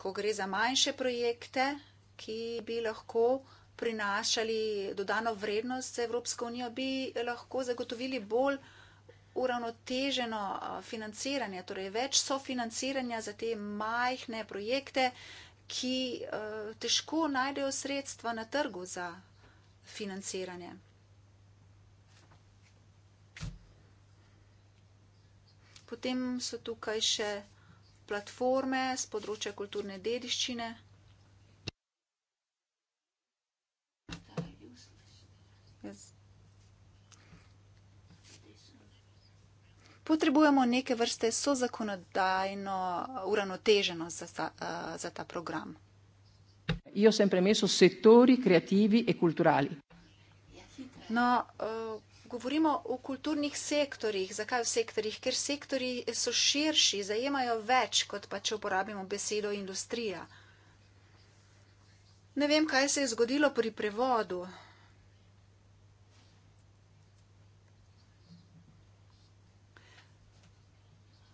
ko gre za manjše projekte, ki bi lahko prinašali dodano vrednost za Evropsko unijo, bi lahko zagotovili bolj uravnoteženo uh, financiranje, torej več sofinanciranja za te majhne projekte, ki uh, težko najdejo sredstva na trgu za financiranje. Potem so tukaj še platforme z področja kulturne dediščine. Potrebujemo neke vrste sozakonodajno uravnoteženost za, eh, za ta program. Jaz sem premeso sektori kreativi e kulturali. No, eh, govorimo o kulturnih sektorjih. Zakaj v sektorjih? Ker sektori so širši, zajemajo več, kot pa če uporabimo besedo industrija. Ne vem, kaj se je zgodilo pri prevodu.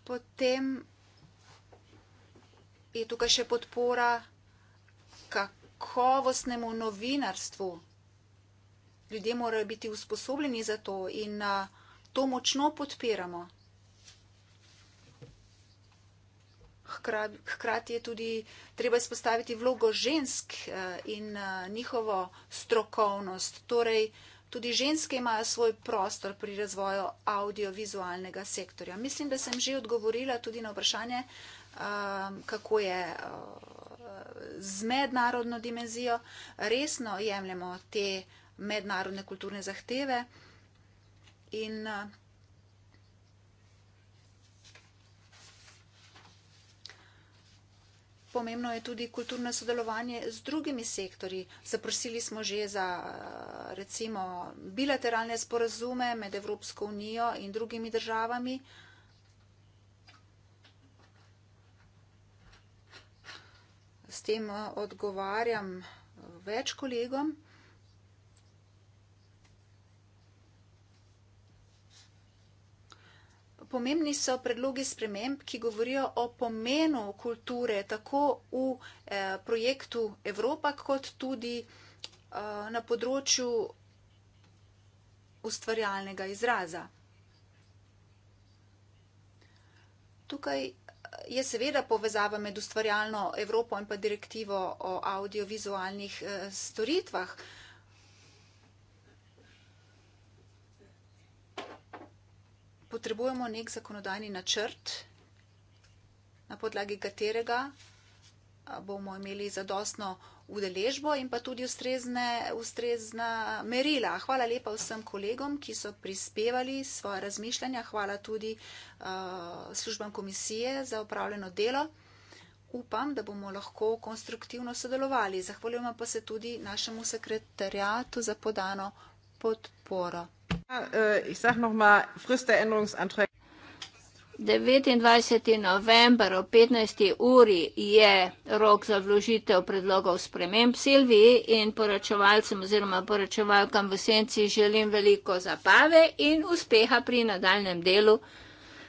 Potem je tukaj še podpora kakovostnemu novinarstvu ljudje morajo biti usposobljeni za to in a, to močno podpiramo. Hkrati, hkrati je tudi treba izpostaviti vlogo žensk a, in a, njihovo strokovnost. Torej, tudi ženske imajo svoj prostor pri razvoju audiovizualnega sektorja. Mislim, da sem že odgovorila tudi na vprašanje, a, kako je. A, Z mednarodno dimenzijo resno jemljemo te uh, mednarodne kulturne zahteve. In eh, pomembno je tudi kulturno sodelovanje z drugimi sektori. Zaprosili smo že za eh, recimo bilateralne sporazume med Evropsko unijo in drugimi državami. S tem eh, odgovarjam več kolegom. pomembni so predlogi sprememb, ki govorijo o pomenu kulture tako v eh, projektu Evropa, kot tudi eh, na področju ustvarjalnega izraza. Tukaj eh, je seveda povezava med ustvarjalno Evropo in pa direktivo o audiovizualnih eh, storitvah. Eh, potrebujemo nek zakonodajni načrt, na podlagi katerega bomo imeli zadostno udeležbo in pa tudi ustrezne, ustrezna merila. Hvala lepa vsem kolegom, ki so prispevali svoje razmišljanja. Hvala tudi uh, službam komisije za upravljeno delo. Upam, da bomo lahko konstruktivno sodelovali. Zahvaljujem pa se tudi našemu sekretarjatu za podano podporo. Ja, äh, ich sage noch mal, Frist der Änderungsanträge. 29. november ob 15. uri je rok za vložitev predlogov sprememb Silviji in poročevalcem oziroma poročevalkam v senci želim veliko zabave in uspeha pri nadaljem delu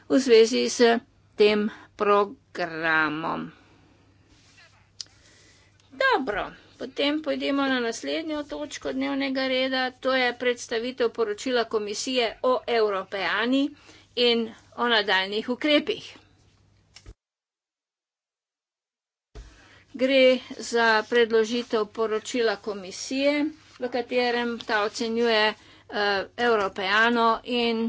v zvezi s tem programom. Dobro. Potem pojdemo na naslednjo točko dnevnega reda, to je predstavitev poročila komisije o Evropejani in o nadaljnih ukrepih. Gre za predložitev poročila komisije, v katerem ta ocenjuje eh, Evropejano in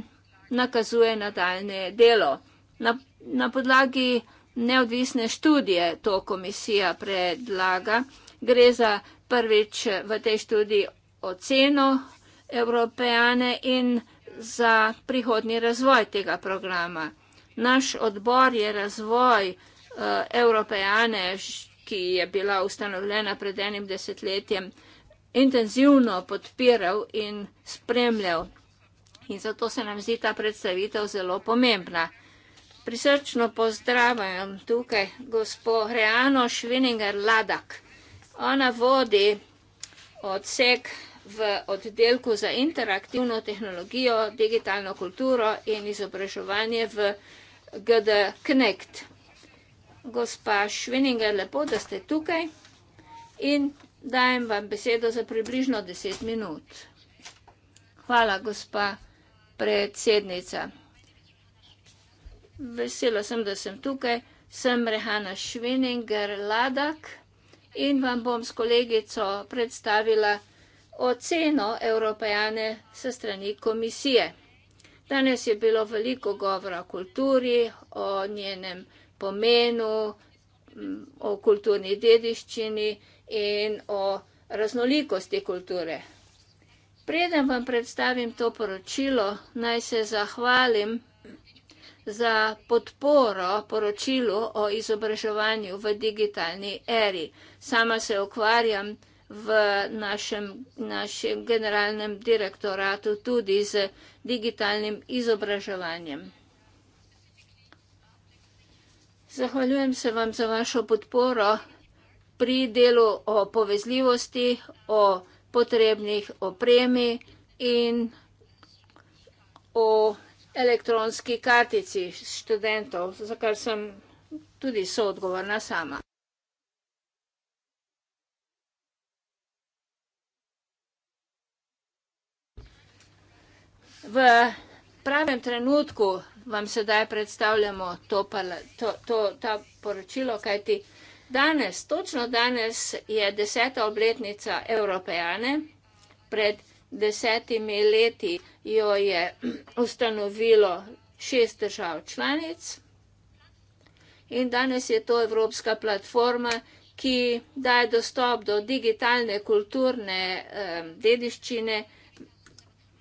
nakazuje nadaljne delo. Na, na podlagi neodvisne študije to komisija predlaga gre za prvič v tej študiji oceno Evropejane in za prihodni razvoj tega programa. Naš odbor je razvoj eh, Evropejane, ki je bila ustanovljena pred enim desetletjem, intenzivno podpiral in spremljal. In zato se nam zdi ta predstavitev zelo pomembna. Prisrčno pozdravljam tukaj gospod Reano Švininger Ladak. Ona vodi odsek v oddelku za interaktivno tehnologijo, digitalno kulturo in izobraževanje v GD Connect. Gospa Švininger, lepo, da ste tukaj in dajem vam besedo za približno 10 minut. Hvala, gospa predsednica. Vesela sem, da sem tukaj. Sem Rehana Švininger Ladak in vam bom s kolegico predstavila oceno Evropejane se strani komisije. Danes je bilo veliko govora o kulturi, o njenem pomenu, mm, o kulturni dediščini in o raznolikosti kulture. Preden vam predstavim to poročilo, naj se zahvalim za podporo poročilu o izobraževanju v digitalni eri. Sama se ukvarjam v našem, našem generalnem direktoratu tudi z digitalnim izobraževanjem. Zahvaljujem se vam za vašo podporo pri delu o povezljivosti, o potrebnih opremi in o elektronski kartici študentov, za kar sem tudi soodgovorna sama. V pravem trenutku vam sedaj predstavljamo to, to, to, ta poročilo, kajti danes, točno danes je deseta obletnica Evropejane pred desetimi leti jo je ustanovilo šest držav članic. In danes je to evropska platforma, ki daje dostop do digitalne kulturne eh, dediščine.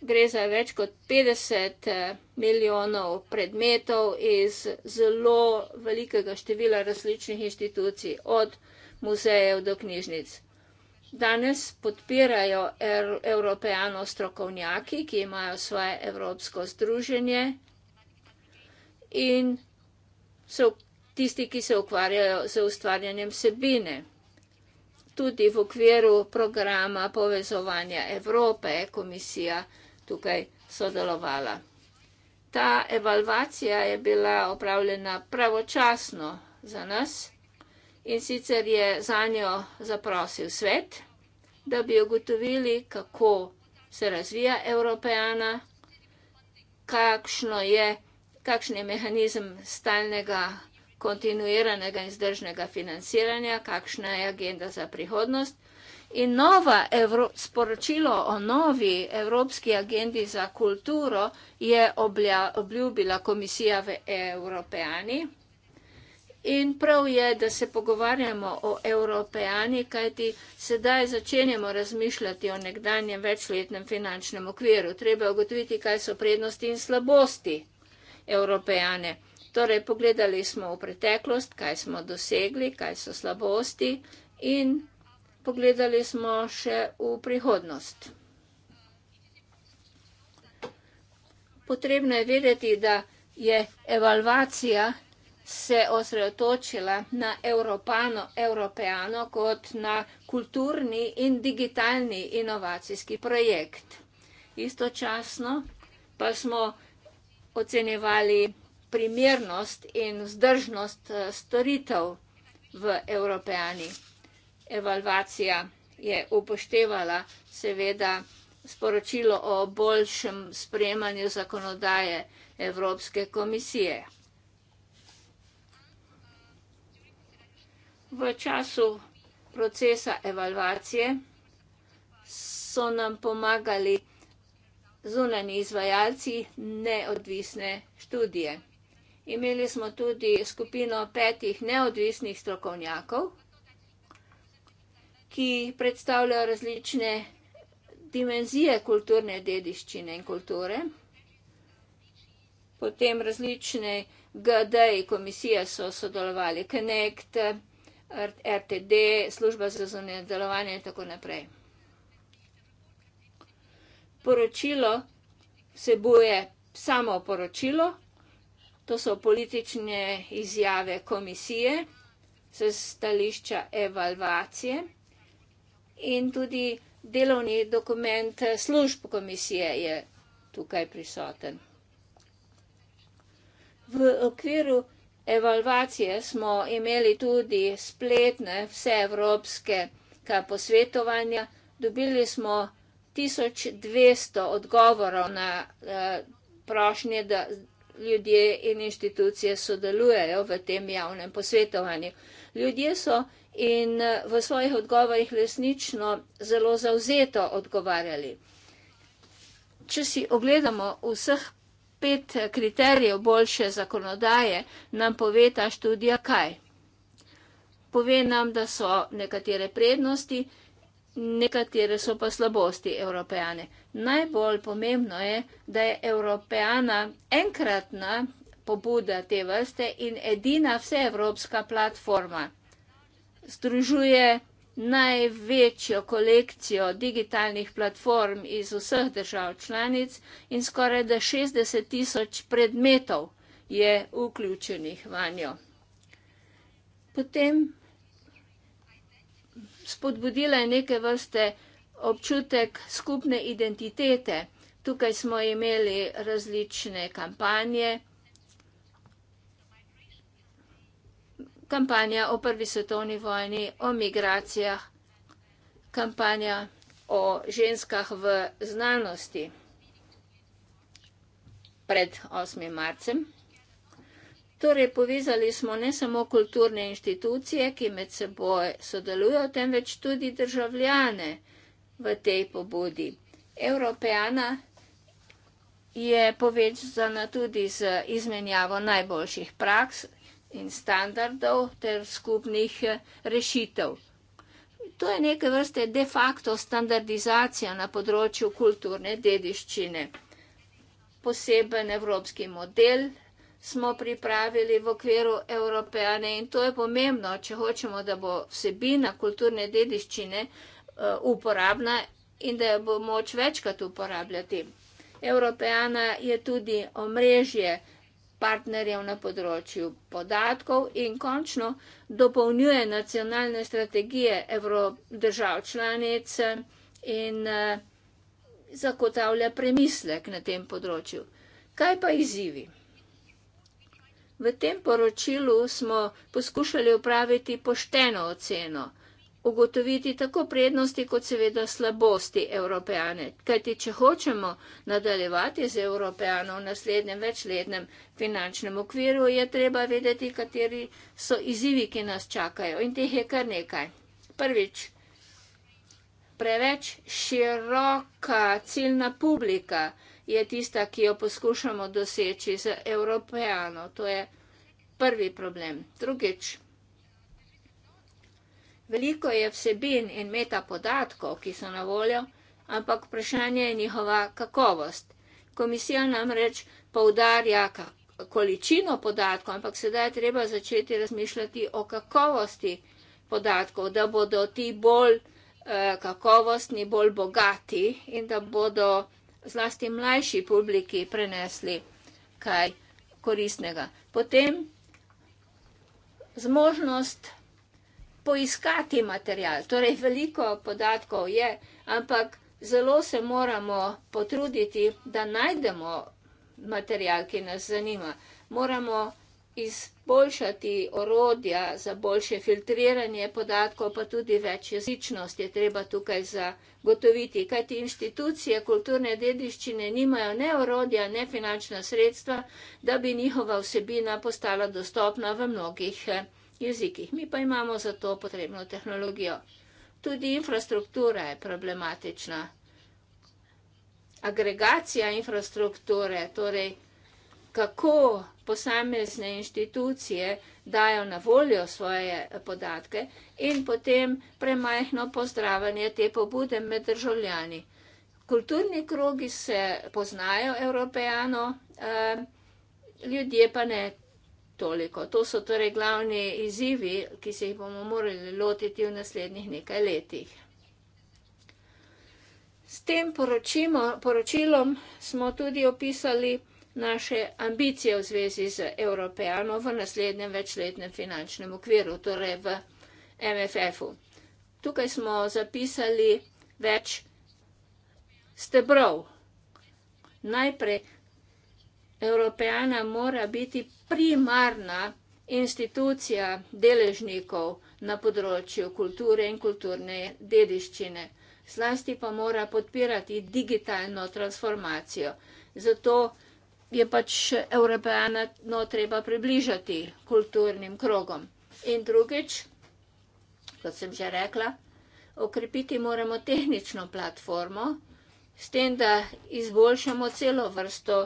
Gre za več kot 50 eh, milijonov predmetov iz zelo velikega števila različnih inštitucij, od muzejev do knjižnic danes podpirajo er-, evropejano strokovnjaki, ki imajo svoje evropsko združenje in so tisti, ki se ukvarjajo z ustvarjanjem sebine. Tudi v okviru programa povezovanja Evrope je komisija tukaj sodelovala. Ta evalvacija je bila opravljena pravočasno za nas in sicer je za njo zaprosil svet, da bi ugotovili, kako se razvija Evropejana, kakšen je mehanizem stalnega, kontinuiranega in zdržnega financiranja, kakšna je agenda za prihodnost. In nova sporočilo o novi Evropski agendi za kulturo je obljubila komisija v Evropejani. In prav je, da se pogovarjamo o Evropejani, kajti sedaj začenjamo razmišljati o nekdanjem večletnem finančnem okviru. Treba je ugotoviti, kaj so prednosti in slabosti Evropejane. Torej, pogledali smo v preteklost, kaj smo dosegli, kaj so slabosti in pogledali smo še v prihodnost. Potrebno je vedeti, da je evalvacija se osredotočila na Evropano, Evropejano kot na kulturni in digitalni inovacijski projekt. Istočasno pa smo ocenjevali primernost in vzdržnost eh, storitev v Evropejani. Evalvacija je upoštevala seveda sporočilo o boljšem spremanju zakonodaje Evropske komisije. V času procesa evalvacije so nam pomagali zunani izvajalci neodvisne študije. Imeli smo tudi skupino petih neodvisnih strokovnjakov, ki predstavljajo različne dimenzije kulturne dediščine in kulture, potem različne GD-ji komisije so sodelovali, Connect, Connect, RTD, služba za zunanje delovanje in tako naprej. Poročilo vsebuje samo poročilo, to so politične izjave komisije z stališča evalvacije in tudi delovni dokument služb komisije je tukaj prisoten. V okviru evalvacije smo imeli tudi spletne vseevropske posvetovanja. Dobili smo 1200 odgovorov na eh, prošnje, da ljudje in inštitucije sodelujejo v tem javnem posvetovanju. Ljudje so in eh, v svojih odgovorjih resnično zelo zauzeto odgovarjali. Če si ogledamo vseh pet kriterijev boljše zakonodaje, nam pove ta študija kaj. Pove nam, da so nekatere prednosti, nekatere so pa slabosti evropejane. Najbolj pomembno je, da je evropejana enkratna pobuda te vrste in edina vseevropska platforma. Združuje največjo kolekcijo digitalnih platform iz vseh držav članic in skoraj da 60 tisoč predmetov je vključenih v njo. Potem spodbudila je neke vrste občutek skupne identitete. Tukaj smo imeli različne kampanje. kampanja o prvi svetovni vojni, o migracijah, kampanja o ženskah v znanosti pred 8. marcem. Torej, povezali smo ne samo kulturne inštitucije, ki med seboj sodelujo, temveč tudi državljane v tej pobudi. Evropejana je povezana tudi z izmenjavo najboljših praks, in standardov ter skupnih eh, rešitev. To je neke vrste de facto standardizacija na področju kulturne dediščine. Poseben evropski model smo pripravili v okviru Evropejane in to je pomembno, če hočemo, da bo vsebina kulturne dediščine eh, uporabna in da jo bo moč večkrat uporabljati. Evropejana je tudi omrežje partnerjev na področju podatkov in končno dopolnjuje nacionalne strategije držav članic in zakotavlja premislek na tem področju. Kaj pa izzivi? V tem poročilu smo poskušali upraviti pošteno oceno, ugotoviti tako prednosti, kot seveda slabosti evropejane. Kajti, če hočemo nadaljevati z evropejano v naslednjem večletnem finančnem okviru, je treba vedeti, kateri so izzivi, ki nas čakajo. In teh je kar nekaj. Prvič, preveč široka ciljna publika je tista, ki jo poskušamo doseči z evropejano. To je prvi problem. Drugič, Veliko je vsebin in meta podatkov, ki so na voljo, ampak vprašanje je njihova kakovost. Komisija namreč poudarja količino podatkov, ampak sedaj je treba začeti razmišljati o kakovosti podatkov, da bodo ti bolj eh, kakovostni, bolj bogati in da bodo zlasti mlajši publiki prenesli kaj koristnega. Potem zmožnost poiskati material. Torej, veliko podatkov je, ampak zelo se moramo potruditi, da najdemo material, ki nas zanima. Moramo izboljšati orodja za boljše filtriranje podatkov, pa tudi več jezičnost je treba tukaj zagotoviti, kajti inštitucije kulturne dediščine nimajo ne orodja, ne finančna sredstva, da bi njihova vsebina postala dostopna v mnogih eh, jezikih. Mi pa imamo za to potrebno tehnologijo. Tudi infrastruktura je problematična. Agregacija infrastrukture, torej kako posamezne inštitucije dajo na voljo svoje podatke in potem premajhno pozdravljanje te pobude med državljani. Kulturni krogi se poznajo evropejano, eh, ljudje pa ne toliko. To so torej glavni izzivi, ki se jih bomo morali lotiti v naslednjih nekaj letih. S tem poročimo, poročilom smo tudi opisali naše ambicije v zvezi z Evropejano v naslednjem večletnem finančnem okviru, torej v MFF-u. Tukaj smo zapisali več stebrov. Najprej Evropejana mora biti primarna institucija deležnikov na področju kulture in kulturne dediščine. Zlasti pa mora podpirati digitalno transformacijo. Zato je pač Evropejana no, treba približati kulturnim krogom. In drugič, kot sem že rekla, okrepiti moramo tehnično platformo, s tem, da izboljšamo celo vrsto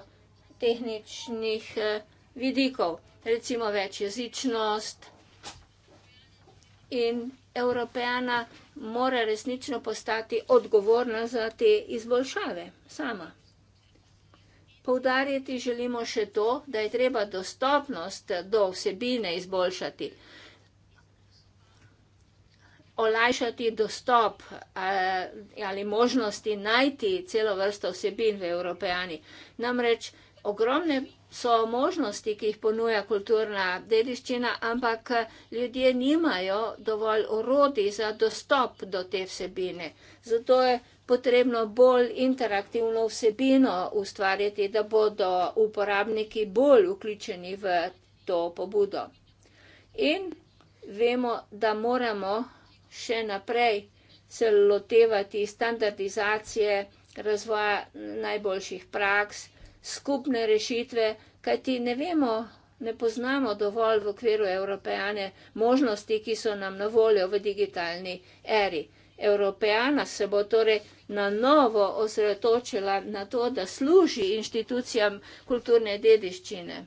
tehničnih eh, vidikov, recimo večjezičnost. In evropejana mora resnično postati odgovorna za te izboljšave sama. Poudarjati želimo še to, da je treba dostopnost do vsebine izboljšati, olajšati dostop eh, ali možnosti najti celo vrsto vsebin v evropejani. Namreč ogromne so možnosti, ki jih ponuja kulturna dediščina, ampak ljudje nimajo dovolj orodij za dostop do te vsebine. Zato je potrebno bolj interaktivno vsebino ustvariti, da bodo uporabniki bolj vključeni v to pobudo. In vemo, da moramo še naprej se lotevati standardizacije razvoja najboljših praks skupne rešitve, kajti ne vemo, ne poznamo dovolj v okviru evropejane možnosti, ki so nam na voljo v digitalni eri. Evropejana se bo torej na novo osredotočila na to, da služi inštitucijam kulturne dediščine.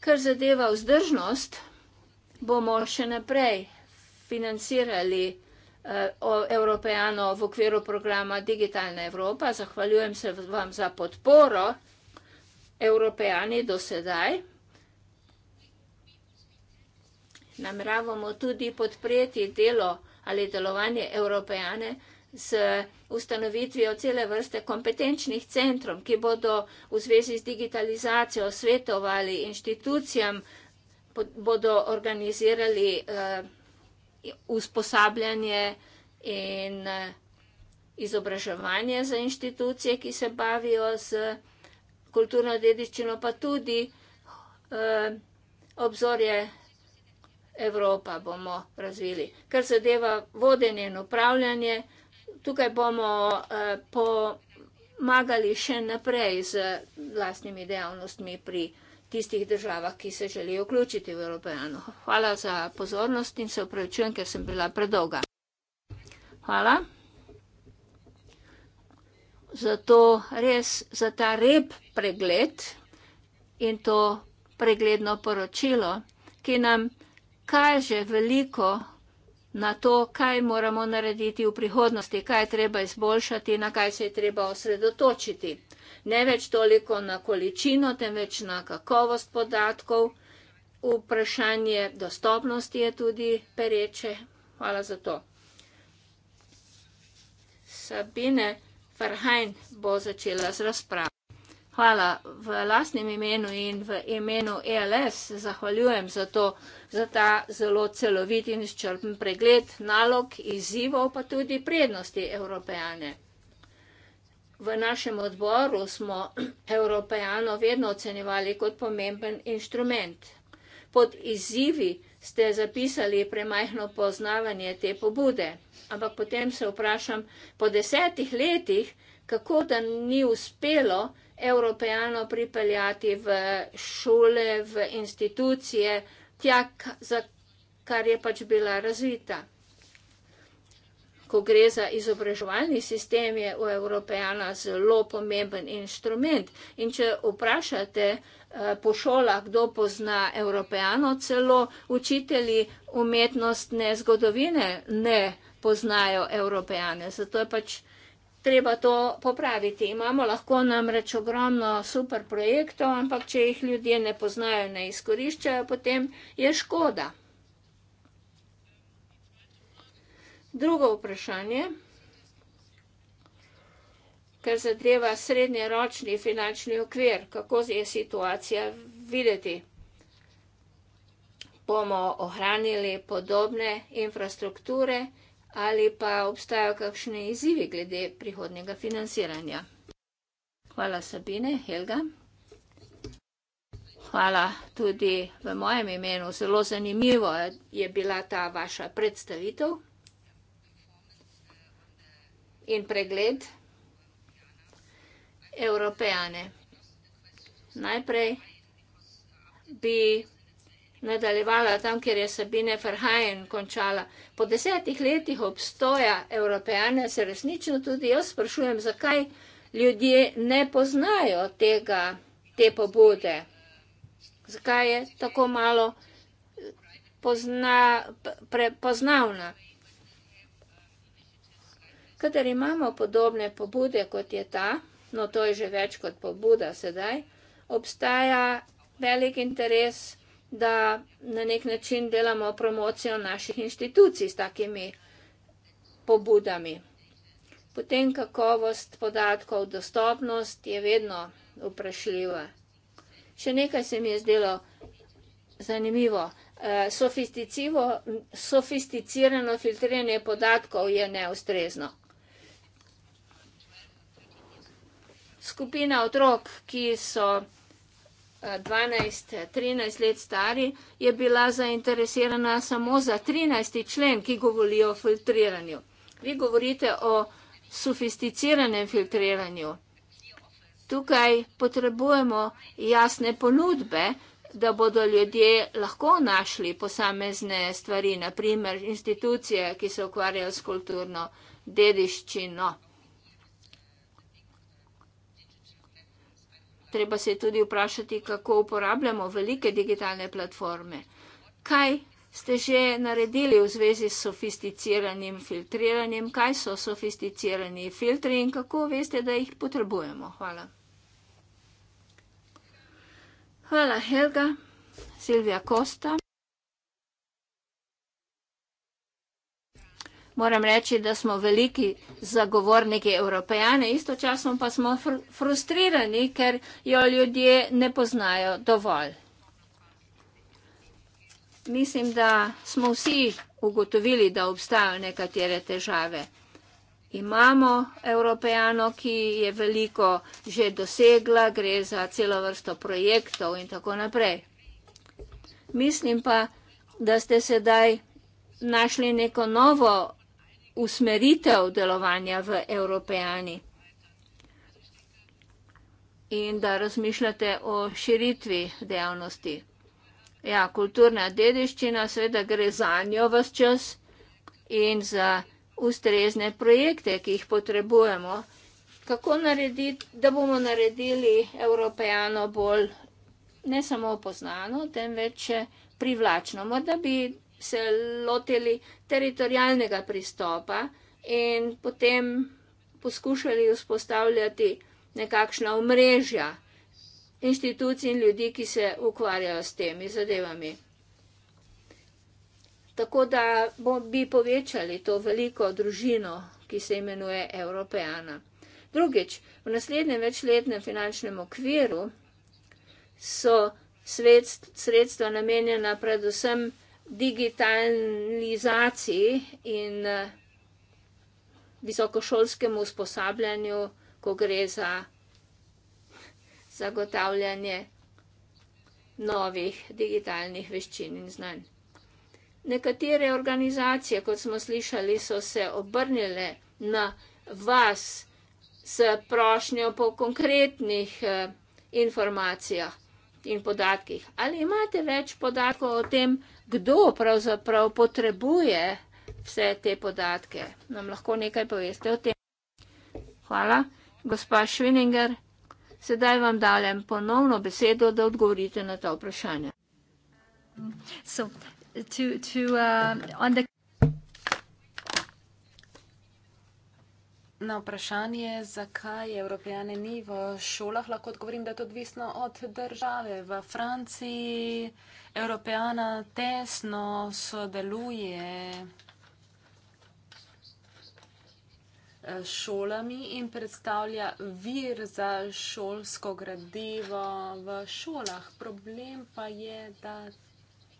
Kar zadeva vzdržnost, bomo še naprej financirali Eh, Evropejano v okviru programa Digitalna Evropa. Zahvaljujem se vam za podporo Evropejani do sedaj. Namravamo tudi podpreti delo ali delovanje Evropejane z ustanovitvijo cele vrste kompetenčnih centrom, ki bodo v zvezi z digitalizacijo svetovali inštitucijam, bodo organizirali uh, usposabljanje in eh, izobraževanje za inštitucije, ki se bavijo z kulturno dediščino, pa tudi eh, obzorje Evropa bomo razvili. Kar zadeva vodenje in upravljanje, tukaj bomo eh, pomagali še naprej z vlastnimi dejavnostmi pri tistih državah, ki se želijo vključiti v Evropejano. Hvala za pozornost in se upravičujem, ker sem bila predolga. Hvala. Za to res, za ta rep pregled in to pregledno poročilo, ki nam kaže veliko na to, kaj moramo narediti v prihodnosti, kaj je treba izboljšati, na kaj se je treba osredotočiti ne več toliko na količino, temveč na kakovost podatkov. Vprašanje dostopnosti je tudi pereče. Hvala za to. Sabine Farhajn bo začela z razpravo. Hvala v lastnem imenu in v imenu ELS. Zahvaljujem za, to, za ta zelo celovit in izčrpen pregled nalog, izzivov, pa tudi prednosti evropejane. V našem odboru smo Evropejano vedno ocenjevali kot pomemben inštrument. Pod izzivi ste zapisali premajhno poznavanje te pobude, ampak potem se vprašam, po desetih letih, kako da ni uspelo Evropejano pripeljati v šole, v institucije, tja, za kar je pač bila razvita ko gre za izobraževalni sistem, je v Evropejana zelo pomemben inštrument. In če vprašate eh, po šolah, kdo pozna Evropejano, celo učitelji umetnostne zgodovine ne poznajo Evropejane. Zato je pač treba to popraviti. Imamo lahko namreč ogromno super projektov, ampak če jih ljudje ne poznajo, ne izkoriščajo, potem je škoda. Drugo vprašanje, kar zadeva srednjeročni finančni okvir, kako je situacija videti. Bomo ohranili podobne infrastrukture ali pa obstajajo kakšne izzivi glede prihodnjega financiranja? Hvala Sabine, Helga. Hvala tudi v mojem imenu. Zelo zanimivo je bila ta vaša predstavitev in pregled evropejane. Najprej bi nadaljevala tam, kjer je Sabine Ferhajen končala. Po desetih letih obstoja evropejane se resnično tudi jaz sprašujem, zakaj ljudje ne poznajo tega, te pobude. Zakaj je tako malo pozna, prepoznavna? Kadar imamo podobne pobude, kot je ta, no to je že več kot pobuda sedaj, obstaja velik interes, da na nek način delamo promocijo naših inštitucij s takimi pobudami. Potem kakovost podatkov, dostopnost je vedno vprašljiva. Še nekaj se mi je zdelo zanimivo. Eh, Sofisticiranje filtriranje podatkov je neustrezno. skupina otrok, ki so 12-13 eh, let stari, je bila zainteresirana samo za 13. člen, ki govori o filtriranju. Vi govorite o sofisticiranem filtriranju. Tukaj potrebujemo jasne ponudbe, da bodo ljudje lahko našli posamezne stvari, naprimer institucije, ki se ukvarjajo s kulturno dediščino. treba se je tudi vprašati, kako uporabljamo velike digitalne platforme. Kaj ste že naredili v zvezi s sofisticiranim filtriranjem? Kaj so sofisticirani filtri in kako veste, da jih potrebujemo? Hvala. Hvala, Helga. Silvija Kosta. moram reči, da smo veliki zagovorniki evropejane, istočasno pa smo fr frustrirani, ker jo ljudje ne poznajo dovolj. Mislim, da smo vsi ugotovili, da obstajajo nekatere težave. Imamo evropejano, ki je veliko že dosegla, gre za celo vrsto projektov in tako naprej. Mislim pa, da ste sedaj našli neko novo usmeritev delovanja v Evropejani in da razmišljate o širitvi dejavnosti. Ja, kulturna dediščina, seveda gre za njo vas čas in za ustrezne projekte, ki jih potrebujemo. Kako narediti, da bomo naredili Evropejano bolj ne samo poznano, temveč privlačno. Morda bi se lotili teritorijalnega pristopa in potem poskušali vzpostavljati nekakšna omrežja inštitucij in ljudi, ki se ukvarjajo s temi zadevami. Tako da bi povečali to veliko družino, ki se imenuje Evropejana. Drugič, v naslednjem večletnem finančnem okviru so sredstva namenjena predvsem digitalizaciji in eh, visokošolskemu usposabljanju, ko gre za zagotavljanje novih digitalnih veščin in znanj. Nekatere organizacije, kot smo slišali, so se obrnile na vas s prošnjo po konkretnih eh, informacijah in podatkih. Ali imate več podatkov o tem, kdo pravzaprav potrebuje vse te podatke. Nam lahko nekaj poveste o tem. Hvala. Gospa Švininger, sedaj vam dalem ponovno besedo, da odgovorite na ta vprašanja. So, to, to, uh, Na vprašanje, zakaj evropejane ni v šolah, lahko odgovorim, da je to odvisno od države. V Franciji evropejana tesno sodeluje eh, šolami in predstavlja vir za šolsko gradivo v šolah. Problem pa je, da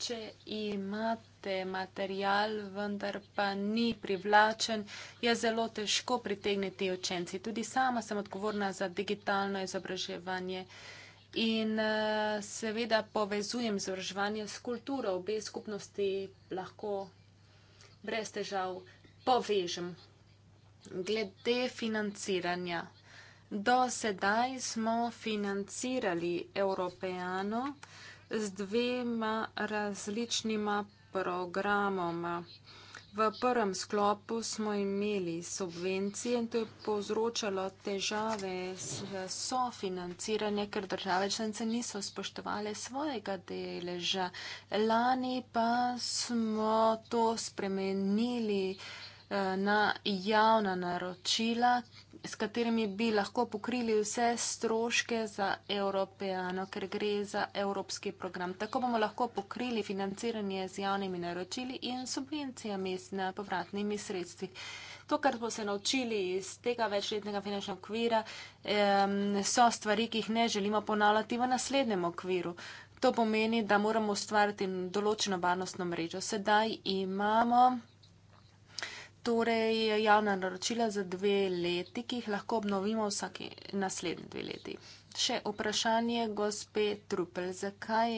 če imate material, vendar pa ni privlačen, je zelo težko pritegniti učenci. Tudi sama sem odgovorna za digitalno izobraževanje in eh, seveda povezujem izobraževanje s kulturo. Obe skupnosti lahko brez težav povežem. Glede financiranja. Do sedaj smo financirali Evropejano, z dvema različnima programoma. V prvem sklopu smo imeli subvencije in to je povzročalo težave sofinanciranja, ker države članice niso spoštovali svojega deleža. Lani pa smo to spremenili eh, na javna naročila, s katerimi bi lahko pokrili vse stroške za Evropejano, ker gre za evropski program. Tako bomo lahko pokrili financiranje z javnimi naročili in subvencijami s povratnimi sredstvi. To, kar smo se naučili iz tega večletnega finančnega okvira, so stvari, ki jih ne želimo ponavljati v naslednjem okviru. To pomeni, da moramo ustvariti določeno varnostno mrežo. Sedaj imamo Torej, javna naročila za dve leti, ki jih lahko obnovimo vsake naslednje dve leti. Še vprašanje gospe Trupel, zakaj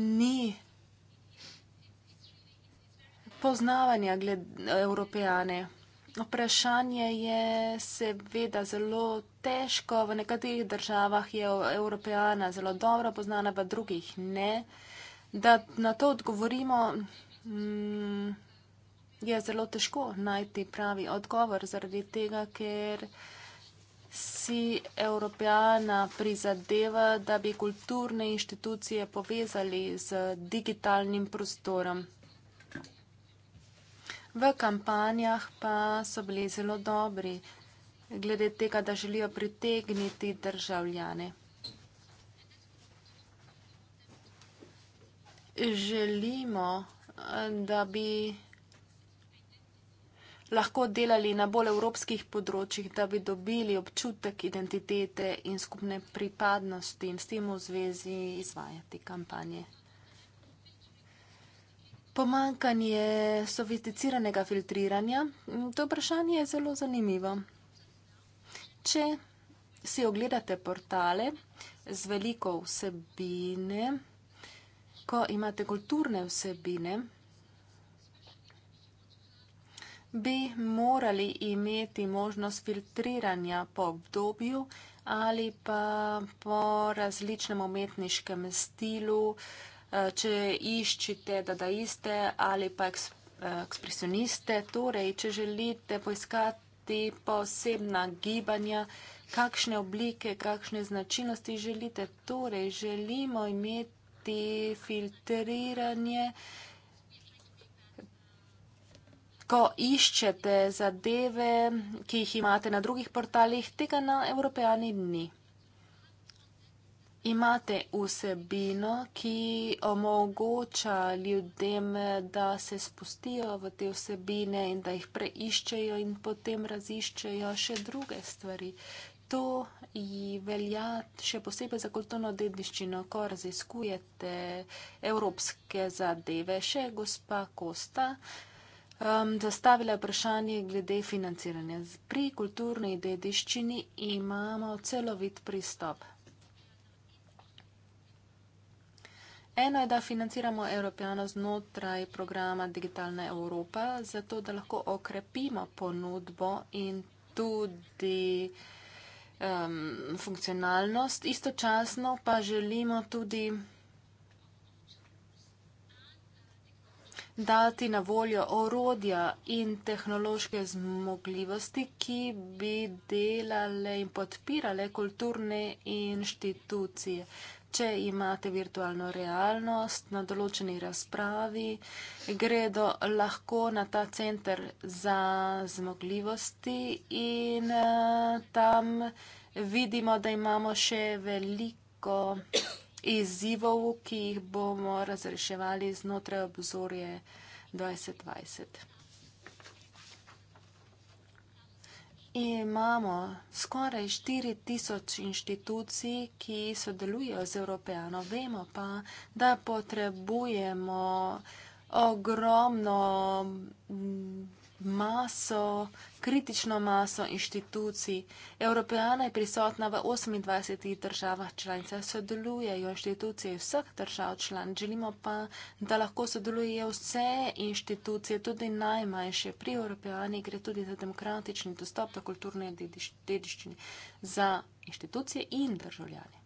ni poznavanja glede evropejane? Vprašanje je seveda zelo težko. V nekaterih državah je evropejana zelo dobro poznana, v drugih ne. Da na to odgovorimo. Mm, je zelo težko najti pravi odgovor, zaradi tega, ker si Evropijana prizadeva, da bi kulturne inštitucije povezali z digitalnim prostorom. V kampanjah pa so bili zelo dobri, glede tega, da želijo pritegniti državljane. Želimo, da bi lahko delali na bolj evropskih področjih, da bi dobili občutek identitete in skupne pripadnosti in s tem v zvezi izvajati kampanje. Pomankanje sofisticiranega filtriranja. Mm, to vprašanje je zelo zanimivo. Če si ogledate portale z veliko vsebine, ko imate kulturne vsebine, bi morali imeti možnost filtriranja po obdobju ali pa po različnem umetniškem stilu, eh, če iščite dadaiste ali pa eh, ekspresioniste, torej, če želite poiskati posebna gibanja, kakšne oblike, kakšne značilnosti želite, torej, želimo imeti filtriranje, kakšne značilnosti želite, ko iščete zadeve, ki jih imate na drugih portalih, tega na Evropejani ni. Imate vsebino, ki omogoča ljudem, da se spustijo v te vsebine in da jih preiščejo in potem raziščejo še druge stvari. To velja še posebej za kulturno dediščino, ko raziskujete evropske zadeve. Še gospa Kosta. Um, zastavila je vprašanje glede financiranja. Pri kulturni dediščini imamo celovit pristop. Eno je, da financiramo Evropijano znotraj programa Digitalna Evropa, zato da lahko okrepimo ponudbo in tudi um, funkcionalnost. Istočasno pa želimo tudi dati na voljo orodja in tehnološke zmogljivosti, ki bi delale in podpirale kulturne inštitucije. Če imate virtualno realnost na določeni razpravi, gredo lahko na ta center za zmogljivosti in eh, tam vidimo, da imamo še veliko izzivov, ki jih bomo razreševali znotraj obzorje 2020. Imamo skoraj 4 tisoč inštitucij, ki sodelujejo z Evropejano. Vemo pa, da potrebujemo ogromno maso, kritično maso inštitucij. Evropejana je prisotna v 28 državah članica, sodelujejo inštitucije vseh držav član. Želimo pa, da lahko sodelujejo vse inštitucije, tudi najmanjše. Pri Evropejani gre tudi za demokratični dostop do kulturne dediščine za inštitucije in državljane.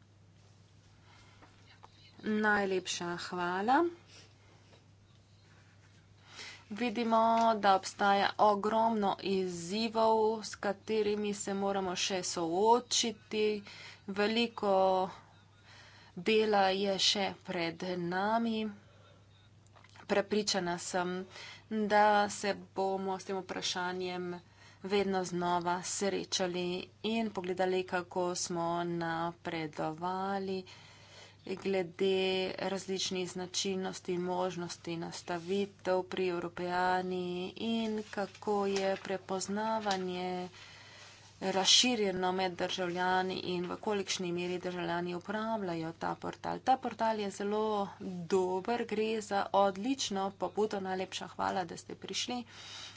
Najlepša hvala vidimo, da obstaja ogromno izzivov, s katerimi se moramo še soočiti. Veliko dela je še pred nami. Prepričana sem, da se bomo s tem vprašanjem vedno znova srečali in pogledali, kako smo napredovali glede različnih značilnosti in možnosti nastavitev pri Evropejani in kako je prepoznavanje razširjeno med državljani in v kolikšni meri državljani uporabljajo ta portal. Ta portal je zelo dober, gre za odlično pobudo. Najlepša hvala, da ste prišli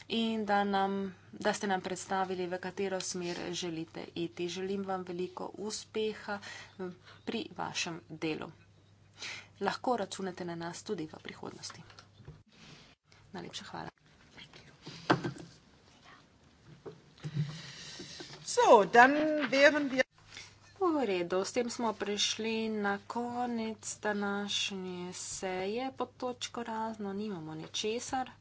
in da, nam, da ste nam predstavili, v katero smer želite iti. Želim vam veliko uspeha pri vašem delu. Lahko računate na nas tudi v prihodnosti. Najlepša hvala. So, V redu, s tem smo prišli na konec današnje seje pod točko razno, nimamo ničesar.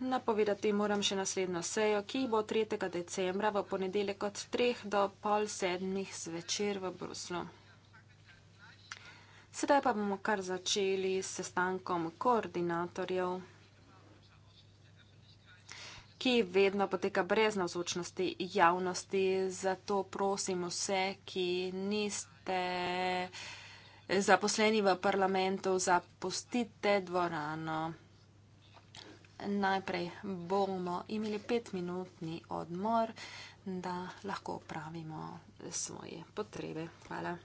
Napovedati moram še naslednjo sejo, ki bo 3. decembra v ponedeljek od 3. do pol sedmih zvečer v Bruslu. Sedaj pa bomo kar začeli s sestankom koordinatorjev, ki vedno poteka brez navzočnosti javnosti, zato prosim vse, ki niste zaposleni v parlamentu, zapustite dvorano. Najprej bomo imeli petminutni odmor, da lahko opravimo svoje potrebe. Hvala.